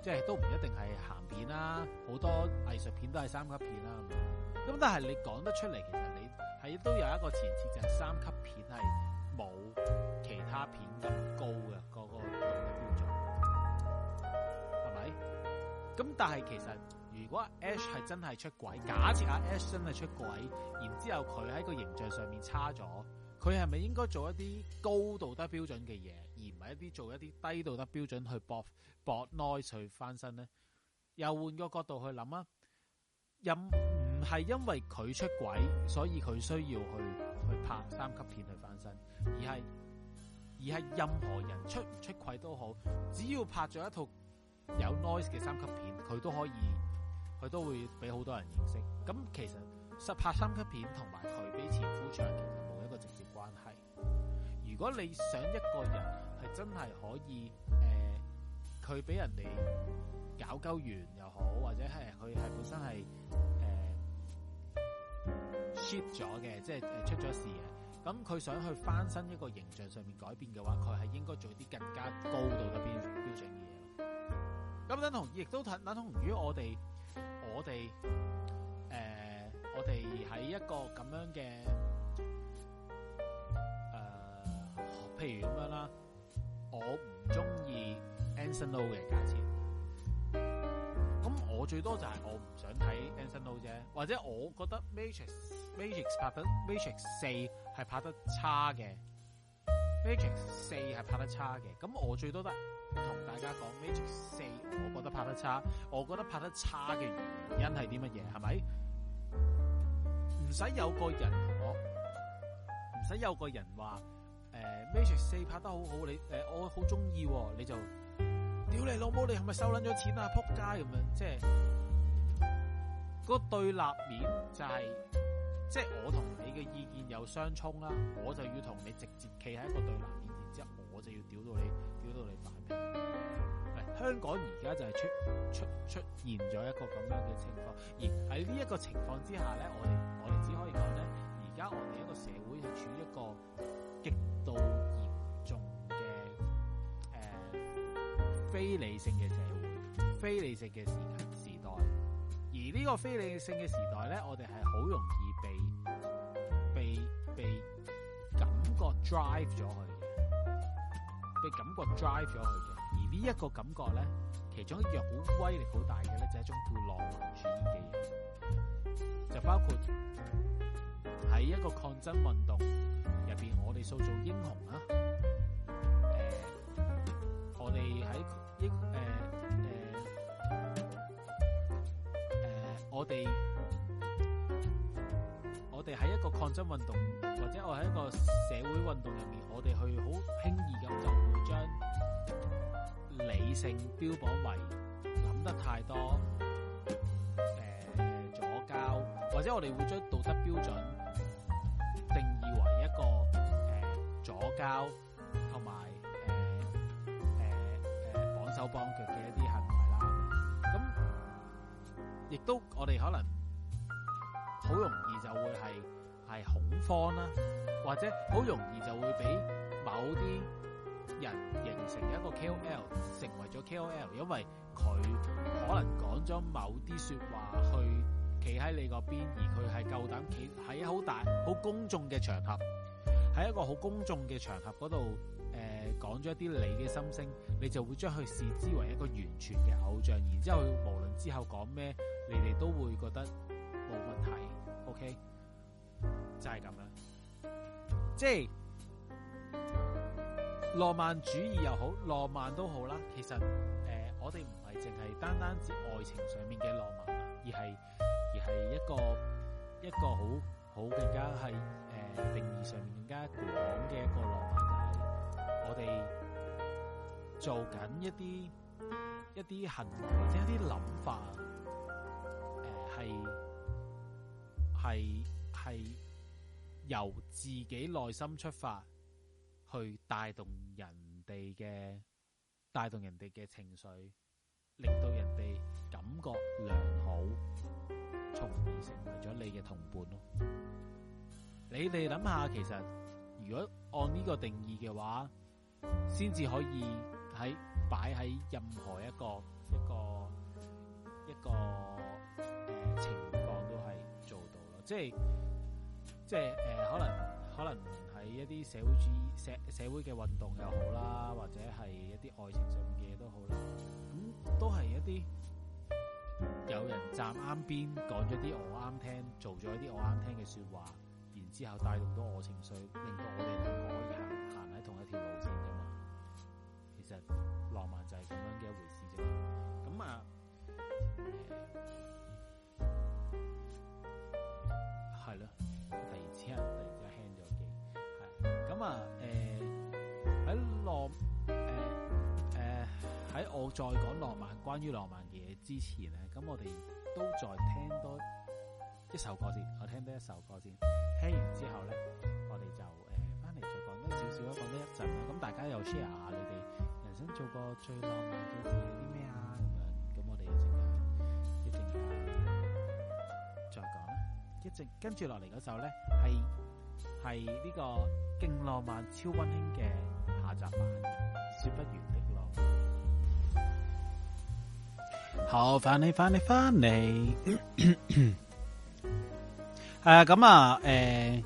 即係都唔一定係鹹片啦、啊，好多藝術片都係三級片啦、啊。咁、嗯、但係你講得出嚟，其實你係都有一個前設，就係、是、三級片係冇其他片咁高嘅嗰、那個的標準，係咪？咁但係其實。如果 Ash 係真係出軌，假設阿 Ash 真係出軌，然之後佢喺個形象上面差咗，佢係咪應該做一啲高道德標準嘅嘢，而唔係一啲做一啲低道德標準去博博 noise 去翻身咧？又換個角度去諗啊，任唔係因為佢出軌，所以佢需要去去拍三級片去翻身，而係而係任何人出唔出軌都好，只要拍咗一套有 noise 嘅三級片，佢都可以。佢都會俾好多人認識，咁其實實拍三級片同埋佢俾前夫唱，其實冇一個直接關係。如果你想一個人係真係可以，誒、呃，佢俾人哋搞鳩完又好，或者係佢係本身係誒 shit 咗嘅，即、呃、係出咗事嘅，咁佢想去翻身一個形象上面改變嘅話，佢係應該做啲更加高度嘅別標準嘅嘢。咁等同，亦都睇等同，如果我哋。我哋誒、呃，我哋喺一個咁樣嘅誒、呃，譬如咁樣啦，我唔中意 Anson Lo 嘅價錢。咁我最多就係我唔想睇 Anson Lo 啫，或者我覺得 Matrix Matrix 拍得 Matrix 四係拍得差嘅。Matrix 四係拍得差嘅，咁我最多得同大家講 Matrix 四，我覺得拍得差，我覺得拍得差嘅原因係啲乜嘢？係咪唔使有個人同我，唔使有個人話，誒、呃、Matrix 四拍得好好，你誒、呃、我好中意，你就屌你老母，你係咪收捻咗錢啊？扑街咁樣，即係個對立面就係、是。即係我同你嘅意見又相衝啦，我就要同你直接企喺一個對立面，然之後我就要屌到你，屌到你反面。香港而家就係出出出現咗一個咁樣嘅情況，而喺呢一個情況之下咧，我哋我哋只可以講咧，而家我哋一個社會係處於一個極度嚴重嘅誒、呃、非理性嘅社會，非理性嘅時時代。而呢個非理性嘅時代咧，我哋係好容易。被感覺 drive 咗去嘅，被感覺 drive 咗去嘅，而呢一個感覺咧，其中一樣好威力好大嘅咧，就係、是、一種叫浪漫主義嘅嘢，就包括喺一個抗爭運動入邊，我哋塑造英雄啦。誒、呃，我哋喺英誒誒誒，我哋。我哋喺一個抗爭運動，或者我喺一個社會運動入面，我哋去好輕易咁就會將理性標榜為諗得太多，誒、呃、左膠，或者我哋會將道德標準定義為一個誒、呃、左膠同埋誒誒誒綁手綁腳嘅一啲行為啦。咁、嗯、亦都我哋可能。好容易就會係係恐慌啦、啊，或者好容易就會俾某啲人形成一個 K.O.L，成為咗 K.O.L，因為佢可能講咗某啲說話去企喺你邊，而佢係夠膽企喺一個好大好公眾嘅場合，喺一個好公眾嘅場合嗰度誒講咗一啲你嘅心聲，你就會將佢視之為一個完全嘅偶像，然之後無論之後講咩，你哋都會覺得冇問題。O、okay? K，就係咁樣，即係浪漫主義又好，浪漫都好啦。其實誒、呃，我哋唔係淨係單單指愛情上面嘅浪漫，而係而係一個一個好好更加係誒定義上面更加廣嘅一個浪漫，就係、我哋做緊一啲一啲行為或者一啲諗法誒係。呃是係係由自己內心出發，去帶動人哋嘅帶動人哋嘅情緒，令到人哋感覺良好，從而成為咗你嘅同伴咯。你哋諗下，其實如果按呢個定義嘅話，先至可以喺擺喺任何一個一個一個、呃、情。即係，即係誒、呃，可能可能喺一啲社會主義社社會嘅運動又好啦，或者係一啲愛情上面嘅嘢都好啦，咁、嗯、都係一啲有人站啱邊，講咗啲我啱聽，做咗啲我啱聽嘅說話，然之後帶動到我情緒，令到我哋兩個可以行行喺同一條路線嘅嘛。其實浪漫就係咁樣嘅一回事啫。咁啊。呃第二次啊，突然間輕咗幾個，係咁啊，誒喺浪，誒誒喺我再講浪漫，關於浪漫嘅嘢之前咧，咁我哋都再聽多一首歌先，我聽多一首歌先，聽完之後咧，我哋就誒翻嚟再講多少少啊，講多一陣啊，咁大家又 share 下你哋人生做過最浪漫嘅事啲咩啊，咁樣，咁我哋一定一定。一直跟住落嚟嗰時候咧，係係呢個勁浪漫、超溫馨嘅下集版《說不完的愛》。好， 返嚟，返嚟，返嚟誒，咁啊，誒、啊呃，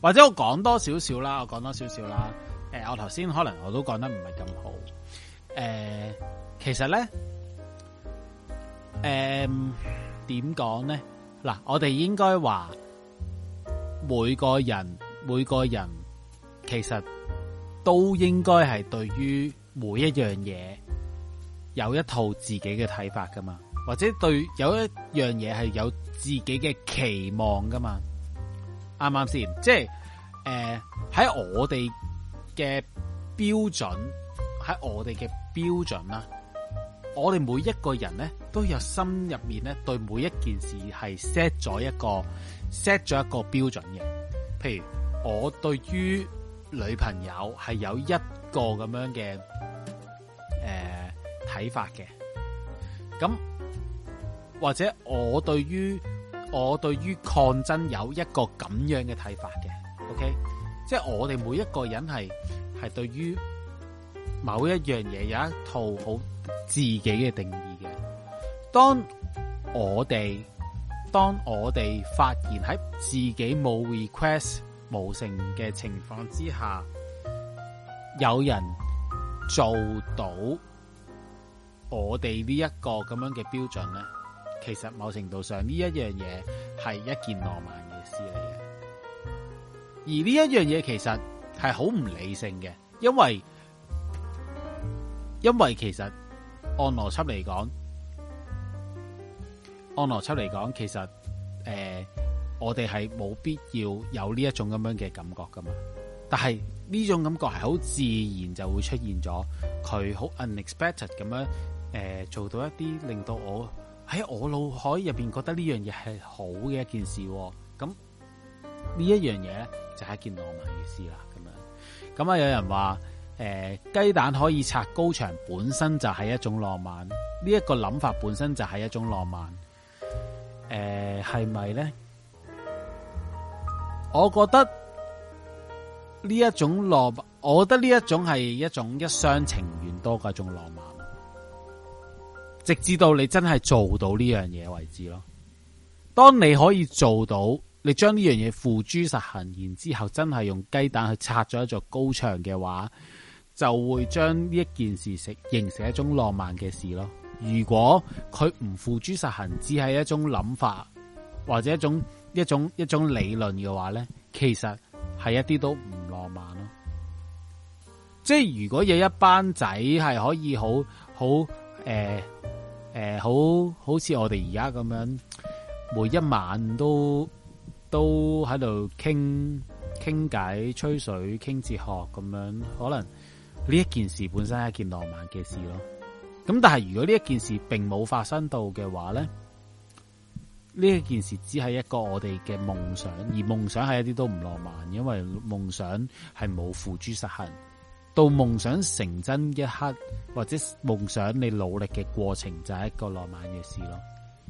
或者我講多少少啦，我講多少少啦。誒、呃，我頭先可能我都講得唔係咁好。誒、呃，其實咧，誒、呃，點講咧？嗱，我哋應該話，每個人每個人其實都應該係對於每一樣嘢有一套自己嘅睇法㗎嘛，或者對有一樣嘢係有自己嘅期望㗎嘛，啱唔啱先？即係誒喺我哋嘅標準喺我哋嘅標準啦，我哋每一個人咧。都有心入面咧，對每一件事係 set 咗一個 set 咗一個標準嘅。譬如我對於女朋友係有一個咁樣嘅誒睇法嘅。咁或者我對於我對於抗爭有一個咁樣嘅睇法嘅。OK，即係我哋每一個人係係對於某一樣嘢有一套好自己嘅定義嘅。當我哋，當我哋發現喺自己冇 request 冇成嘅情況之下，有人做到我哋呢一個咁樣嘅標準咧，其實某程度上呢一樣嘢係一件浪漫嘅事嚟嘅。而呢一樣嘢其實係好唔理性嘅，因為因為其實按邏輯嚟講。按邏輯嚟講，其實誒、呃，我哋係冇必要有呢一種咁樣嘅感覺噶嘛。但係呢種感覺係好自然就會出現咗，佢好 unexpected 咁樣誒、呃，做到一啲令到我喺我腦海入邊覺得呢樣嘢係好嘅一件事，啊。咁、嗯、呢一樣嘢呢就係、是、一件浪漫嘅事啦。咁樣咁啊，有人話誒、呃，雞蛋可以拆高牆，本身就係一種浪漫。呢、這、一個諗法本身就係一種浪漫。誒，係咪，呃，呢我覺得呢一種浪漫，我覺得呢一種係一種一廂情願多過一種浪漫，直至到你真係做到呢樣嘢為止咯。當你可以做到，你將呢樣嘢付諸實行，然之後真係用雞蛋去拆咗一座高牆嘅話，就會將呢一件事成形成一種浪漫嘅事咯。如果佢唔付諸實行，只係一種諗法，或者一種一種一種理論嘅話咧，其實係一啲都唔浪漫咯。即係如果有一班仔係可以好好、呃呃、好好誒誒好好似我哋而家咁樣，每一晚都都喺度傾傾偈、吹水、傾哲學咁樣，可能呢一件事本身係一件浪漫嘅事咯。咁但係如果呢一件事並冇發生到嘅話呢，呢一件事只係一個我哋嘅夢想，而夢想係一啲都唔浪漫，因為夢想係冇付諸實行。到夢想成真一刻，或者夢想你努力嘅過程，就係一個浪漫嘅事咯。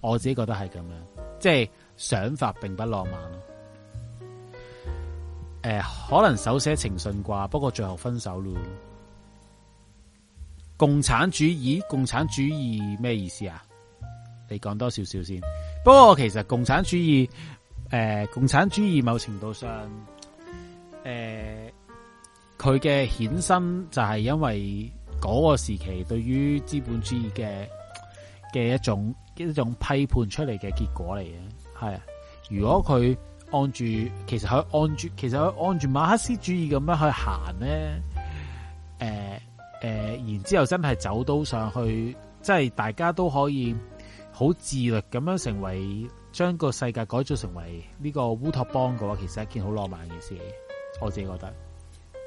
我自己覺得係咁樣，即係想法並不浪漫咯。呃，可能手寫情信啩，不過最後分手咯。共產主義，共產主義咩意思啊？你講多少少先？不過其實共產主義，誒、呃，共產主義某程度上，誒、呃，佢嘅衍生就係因為嗰個時期對於資本主義嘅嘅一種一種批判出嚟嘅結果嚟嘅，係。如果佢按住，其實佢按住，其實佢按住馬克思主義咁樣去行咧，誒、呃。誒、呃，然之後真係走到上去，即係大家都可以好自律咁樣成為，將個世界改造成為呢個烏托邦嘅話，其實係一件好浪漫嘅事。我自己覺得，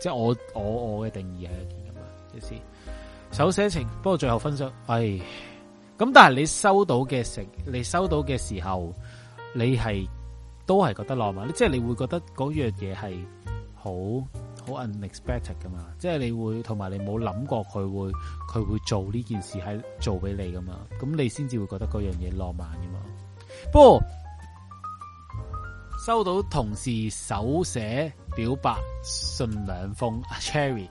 即係我我我嘅定義係一件咁樣，即係首寫情。不過最後分享，哎，咁但係你收到嘅時，你收到嘅時候，你係都係覺得浪漫，即係你會覺得嗰樣嘢係好。好 unexpected 噶嘛，即係你會同埋你冇諗過佢會佢會做呢件事，係做俾你噶嘛，咁你先至會覺得嗰樣嘢浪漫噶嘛。不過收到同事手寫表白信兩封，阿 Cherry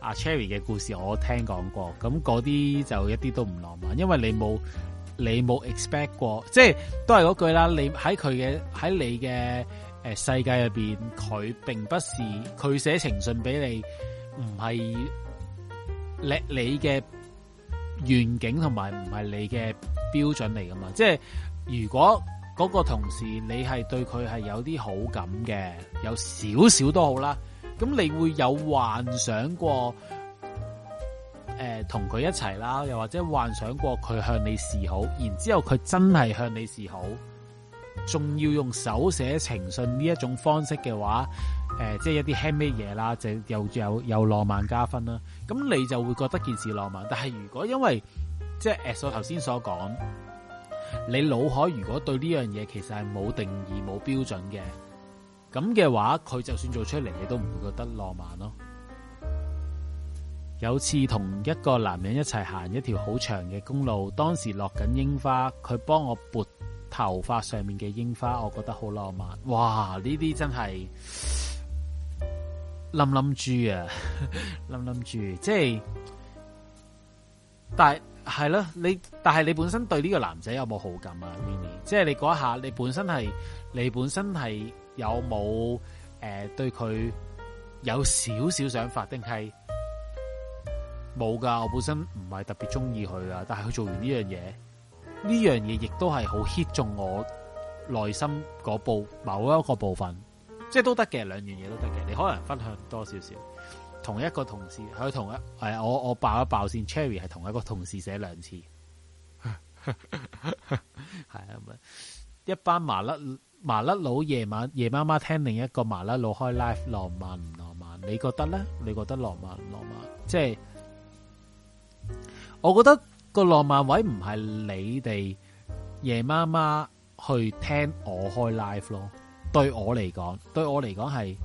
阿 Cherry 嘅故事我聽講過，咁嗰啲就一啲都唔浪漫，因為你冇你冇 expect 過，即係都係嗰句啦，你喺佢嘅喺你嘅。.誒，世界入邊佢並不是佢寫情信俾你，唔係叻你嘅願景同埋唔係你嘅標準嚟噶嘛？即係如果嗰個同事你係對佢係有啲好感嘅，有少少都好啦，咁你會有幻想過誒同佢一齊啦，又或者幻想過佢向你示好，然之後佢真係向你示好。仲要用手寫情信呢一種方式嘅話，誒、呃，即係一啲輕咩嘢啦，就又又又浪漫加分啦。咁你就會覺得件事浪漫。但係如果因為即係誒，我頭先所講，你腦海如果對呢樣嘢其實係冇定義、冇標準嘅，咁嘅話，佢就算做出嚟，你都唔會覺得浪漫咯。有次同一個男人一齊行一條好長嘅公路，當時落緊櫻花，佢幫我撥頭髮上面嘅櫻花，我覺得好浪漫。哇！呢啲真係冧冧豬啊，冧冧豬。即係，但係係咯，你但係你本身對呢個男仔有冇好感啊？Vinnie， 即係你嗰一下，你本身係你本身係有冇誒、呃、對佢有少少想法，定係冇噶？我本身唔係特別中意佢噶，但係佢做完呢樣嘢。呢樣嘢亦都係好 hit 中我內心嗰部某一個部分，即係都得嘅，兩樣嘢都得嘅。你可能分享多少少，同一個同事係同一，係、哎、我我爆一爆先。Cherry 係同一個同事寫兩次，係咁，一班麻甩麻甩佬夜晚夜媽媽聽另一個麻甩佬開 live，浪漫唔浪漫？你覺得咧？你覺得浪漫唔浪漫？即係我覺得。個浪漫位唔係你哋夜媽媽去聽我開 live 咯。對，對我嚟講，對我嚟講係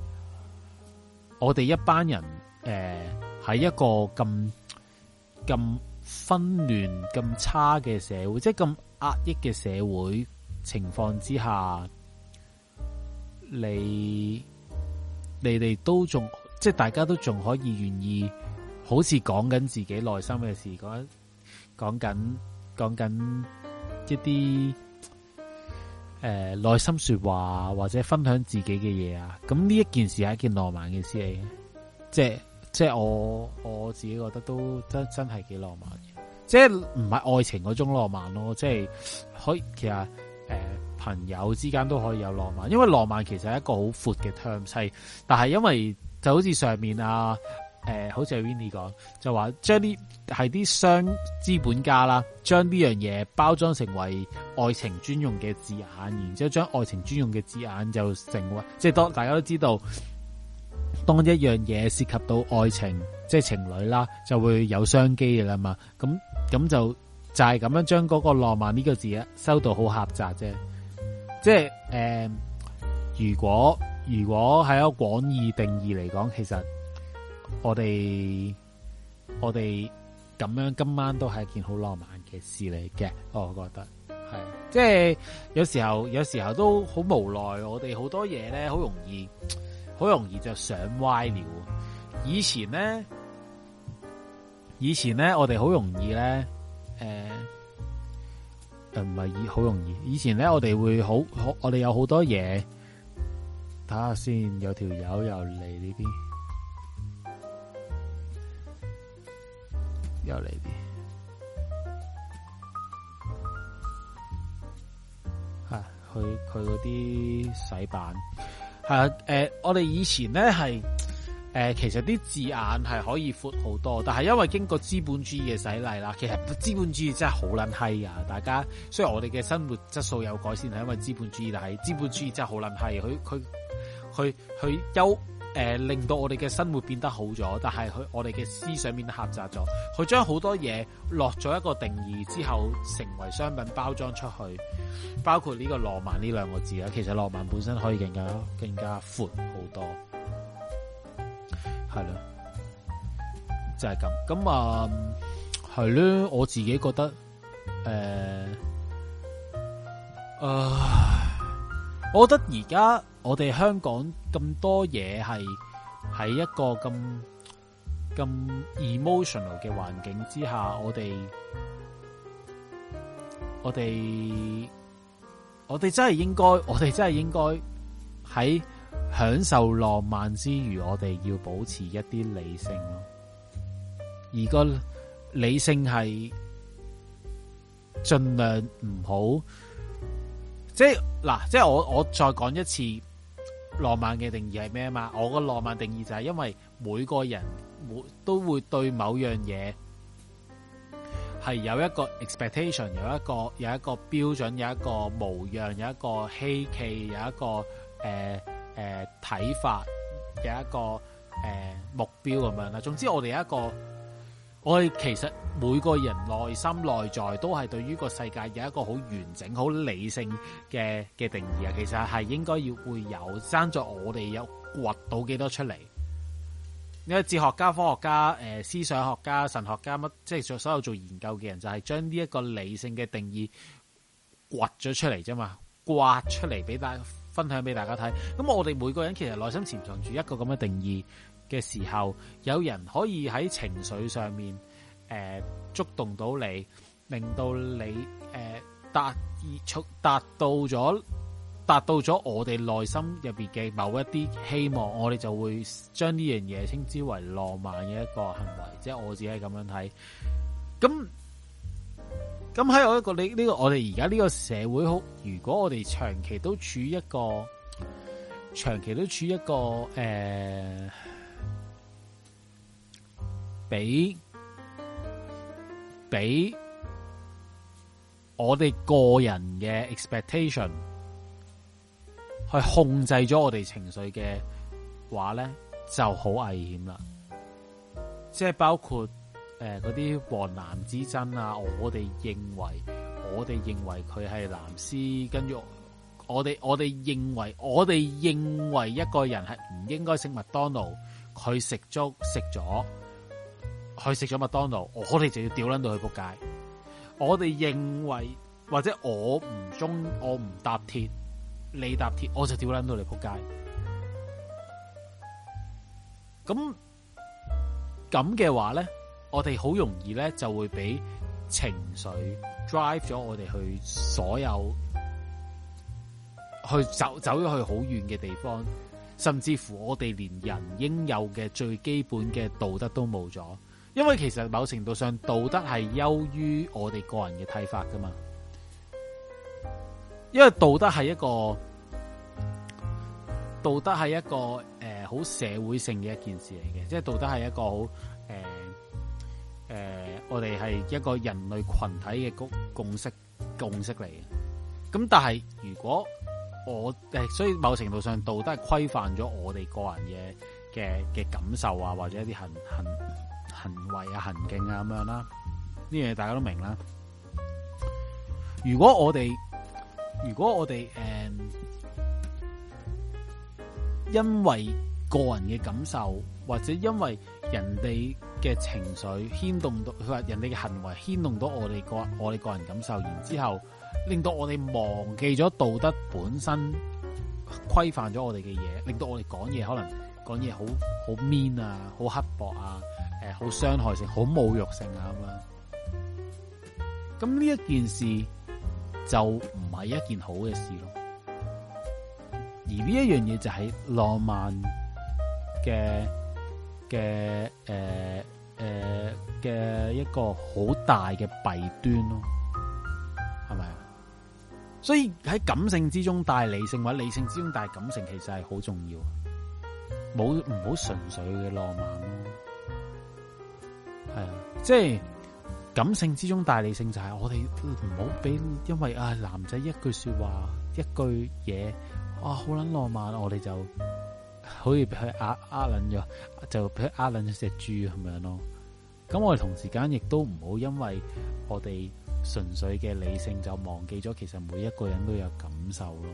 我哋一班人誒喺、呃、一個咁咁紛亂、咁差嘅社會，即係咁壓抑嘅社會情況之下，你你哋都仲即係大家都仲可以願意，好似講緊自己內心嘅事講。講緊講緊一啲誒、呃、內心說話或者分享自己嘅嘢啊，咁、嗯、呢一件事係一件浪漫嘅事嚟嘅，即係即係我我自己覺得都真真係幾浪漫嘅，即係唔係愛情嗰種浪漫咯，即係可以其實誒、呃、朋友之間都可以有浪漫，因為浪漫其實係一個好闊嘅 term，但係因為就好似上面啊，誒、呃、好似 Vinny 講就話將啲。係啲商資本家啦，將呢樣嘢包裝成為愛情專用嘅字眼，然之後將愛情專用嘅字眼就成為，即係當大家都知道，當一樣嘢涉及到愛情，即係情侶啦，就會有商機嘅啦嘛。咁咁就就係咁樣將嗰個浪漫呢個字啊，收到好狹窄啫。即係誒、呃，如果如果喺一個廣義定義嚟講，其實我哋我哋。咁樣今晚都係一件好浪漫嘅事嚟嘅，我覺得係，即係有時候有時候都好無奈，我哋好多嘢咧，好容易，好容易就想歪了。以前咧，以前咧，我哋好容易咧，誒、呃，誒唔係以好容易。以前咧，我哋會好好，我哋有好多嘢，睇下先，有條友又嚟呢邊。又嚟啲，係佢，佢嗰啲洗版，誒、啊呃，我哋以前咧係誒，其實啲字眼係可以闊好多，但係因為經過資本主義嘅洗禮啦，其實資本主義真係好撚閪啊！大家雖然我哋嘅生活質素有改善，係因為資本主義，但係資本主義真係好撚閪，佢，佢，佢佢優。誒、呃，令到我哋嘅生活變得好咗，但係佢我哋嘅思想變得狹窄咗。佢將好多嘢，落咗一個定義之後，成為商品包裝出去，包括呢個浪漫呢兩個字啦。其實浪漫本身可以更加更加闊好多，係咯，就係、是、咁。咁啊，係、嗯、咧，我自己覺得，誒、呃，唉、呃，我覺得而家。我哋香港咁多嘢，係喺一個咁咁 emotional 嘅環境之下，我哋我哋我哋真係應該，我哋真係應該喺享受浪漫之餘，我哋要保持一啲理性咯。而個理性係盡量唔好，即係嗱，即係我我再講一次。浪漫嘅定義係咩啊嘛？我個浪漫定義就係因為每個人每都會對某樣嘢係有一個 expectation，有一個有一個標準，有一個模樣，有一個希冀，有一個誒誒睇法，有一個誒、呃、目標咁樣啦。總之我哋有一個。我哋其實每個人內心內在都係對於個世界有一個好完整、好理性嘅嘅定義啊！其實係應該要會有爭咗，我哋有掘到幾多出嚟。你話哲學家、科學家、誒思想學家、神學家乜，即係所有做研究嘅人，就係將呢一個理性嘅定義掘咗出嚟啫嘛，刮出嚟俾大家分享俾大家睇。咁我哋每個人其實內心潛藏住一個咁嘅定義。嘅時候，有人可以喺情緒上面，誒，觸動到你，令到你，誒，達觸達到咗，達到咗我哋內心入邊嘅某一啲希望，我哋就會將呢樣嘢稱之為浪漫嘅一個行為，即係我自己係咁樣睇。咁，咁喺我一個呢呢個我哋而家呢個社會，好如果我哋長期都處於一個長期都處於一個，誒。俾俾我哋個人嘅 expectation 去控制咗我哋情緒嘅話咧，就好危險啦。即係包括誒嗰啲黃藍之爭啊。我哋認為我哋認為佢係藍絲，跟住我哋我哋認為我哋認為一個人係唔應該食麥當勞，佢食粥食咗。去食咗麥當勞，我哋就要掉撚到去撲街。我哋認為或者我唔中，我唔搭鐵，你搭鐵，我就掉撚到你撲街。咁咁嘅話咧，我哋好容易咧就會俾情緒 drive 咗我哋去所有去走走咗去好遠嘅地方，甚至乎我哋連人應有嘅最基本嘅道德都冇咗。因為其實某程度上道德係優於我哋個人嘅睇法㗎嘛，因為道德係一個道德係一個誒好社會性嘅一件事嚟嘅，即係道德係一個好誒誒我哋係一個人類群體嘅共共識共識嚟嘅。咁但係如果我誒，所以某程度上道德係規範咗我哋個人嘅嘅嘅感受啊，或者一啲很。行為啊、行徑啊咁樣啦，呢樣大家都明啦。如果我哋，如果我哋誒、呃，因為個人嘅感受，或者因為人哋嘅情緒牽動到，佢、呃、話人哋嘅行為牽動到我哋個我哋個人感受，然之後令到我哋忘記咗道德本身規範咗我哋嘅嘢，令到我哋講嘢可能講嘢好好 mean 啊，好刻薄啊。誒，好傷害性、好侮辱性啊咁樣，咁呢一件事就唔係一件好嘅事咯。而呢一樣嘢就係浪漫嘅嘅誒誒嘅一個好大嘅弊端咯，係咪啊？所以喺感性之中帶理性，或者理性之中帶感性，其實係好重要，冇唔好純粹嘅浪漫咯。係啊，即係感性之中大理性，就係我哋唔好俾因為啊男仔一句說話一句嘢，哇好捻浪漫，我哋就好似俾佢呃呃捻咗，就俾佢呃捻咗隻豬咁樣咯。咁我哋同時間亦都唔好因為我哋純粹嘅理性就忘記咗，其實每一個人都有感受咯。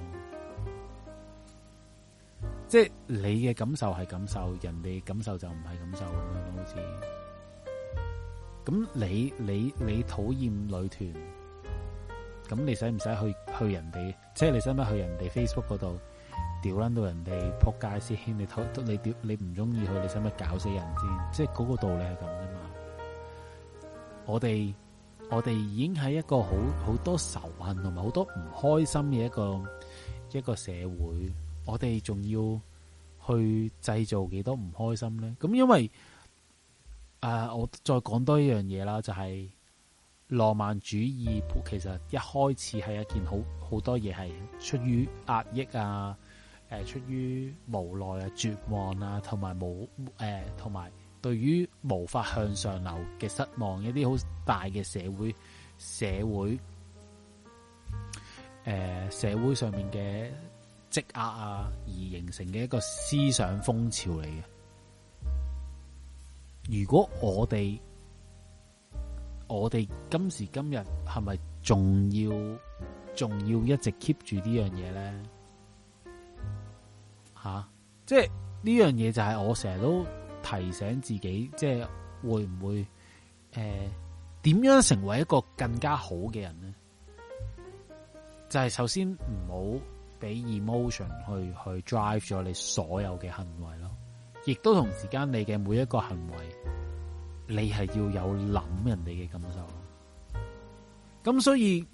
即係你嘅感受係感受，人哋感受就唔係感受咁樣咯，好似。咁你你你討厭女團，咁你使唔使去去人哋？即係你使唔使去人哋 Facebook 嗰度屌撚到人哋扑街先？你討你屌你唔中意佢，你使唔使搞死人先？即係嗰個道理係咁啫嘛。我哋我哋已經係一個好好多仇恨同埋好多唔開心嘅一個一個社會，我哋仲要去製造幾多唔開心咧？咁因為。誒、呃，我再講多一樣嘢啦，就係、是、浪漫主義其實一開始係一件好好多嘢，係出於壓抑啊，誒、呃，出於無奈啊、絕望啊，同埋無誒，同、呃、埋對於無法向上流嘅失望，一啲好大嘅社會社會誒、呃、社會上面嘅積壓啊，而形成嘅一個思想風潮嚟嘅如果我哋我哋今時今日係咪仲要仲要一直 keep 住呢樣嘢咧？吓、啊，即係呢樣嘢就係我成日都提醒自己，即係會唔會誒點、呃、樣成為一個更加好嘅人咧？就係、係、首先唔好俾 emotion 去去 drive 咗你所有嘅行為咯，亦都同時間你嘅每一個行為。你係要有諗人哋嘅感受，咁所以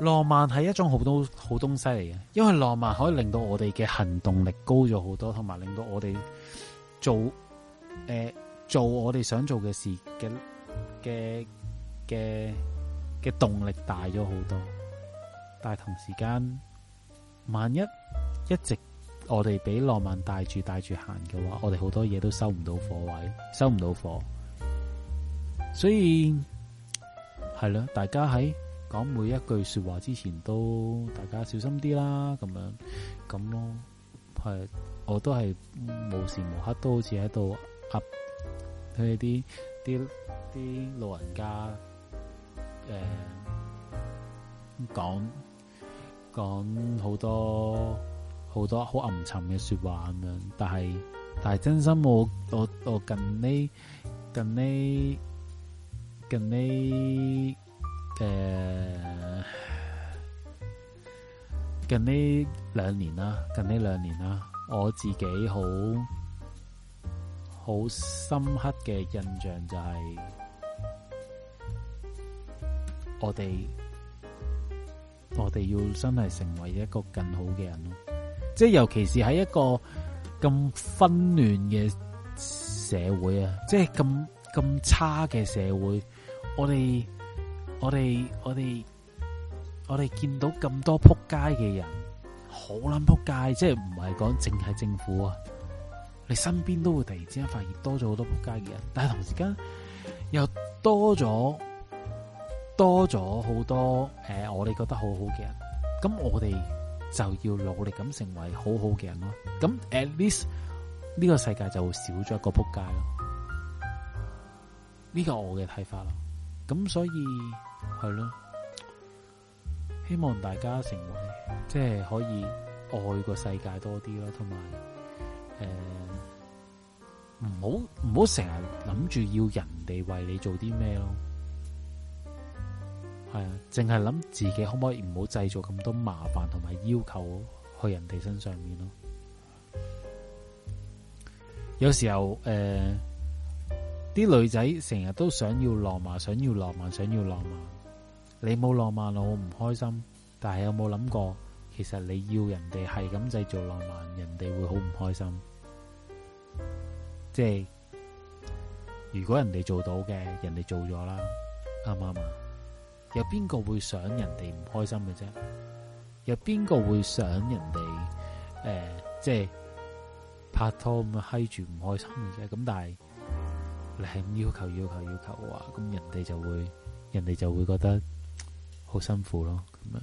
浪漫係一種好多好東西嚟嘅，因為浪漫可以令到我哋嘅行動力高咗好多，同埋令到我哋做誒、呃、做我哋想做嘅事嘅嘅嘅嘅動力大咗好多，但係同時間萬一一直。我哋俾浪漫帶住帶住行嘅話，我哋好多嘢都收唔到貨位，收唔到貨。所以係啦，大家喺講每一句說話之前都，大家小心啲啦，咁樣咁咯。係，我都係無時無刻都好似喺度噏佢啲啲啲老人家誒，講講好多。好多好暗沉嘅說話咁樣，但係但係真心我我我近呢近呢近呢嘅，呃、近呢兩年啦，近呢兩年啦，我自己好好深刻嘅印象就係我哋我哋要真係成為一個更好嘅人。即係，尤其是喺一個咁紛亂嘅社會啊，即係咁咁差嘅社會，我哋我哋我哋我哋見到咁多撲街嘅人，好撚撲街，即係唔係講淨係政府啊，你身邊都會突然之間發現多咗好多撲街嘅人，但係同時間又多咗多咗好多，誒、呃，我哋覺得好好嘅人，咁我哋。就要努力咁成為好好嘅人咯，咁 at least 呢個世界就會少咗一個扑街咯，呢個我嘅睇法咯，咁所以係咯，希望大家成為即係、就是、可以愛個世界多啲咯，同埋誒唔好唔好成日諗住要，要，要人哋為你做啲咩咯。係啊，淨係諗自己可唔可以唔好製造咁多麻煩同埋要求去人哋身上面咯。有時候誒，啲、呃、女仔成日都想要浪漫，想要浪漫，想要浪漫。你冇浪漫我唔開心，但係有冇諗過？其實你要人哋係咁製造浪漫，人哋會好唔開心。即係如果人哋做到嘅，人哋做咗啦，啱唔啱啊？有邊個會想人哋唔開心嘅啫？有邊個會想人哋誒、呃，即係拍拖咁樣捱住唔開心嘅啫？咁但係你係咁要求、要求、要求嘅話，咁人哋就會，人哋就會覺得好辛苦咯，咁樣。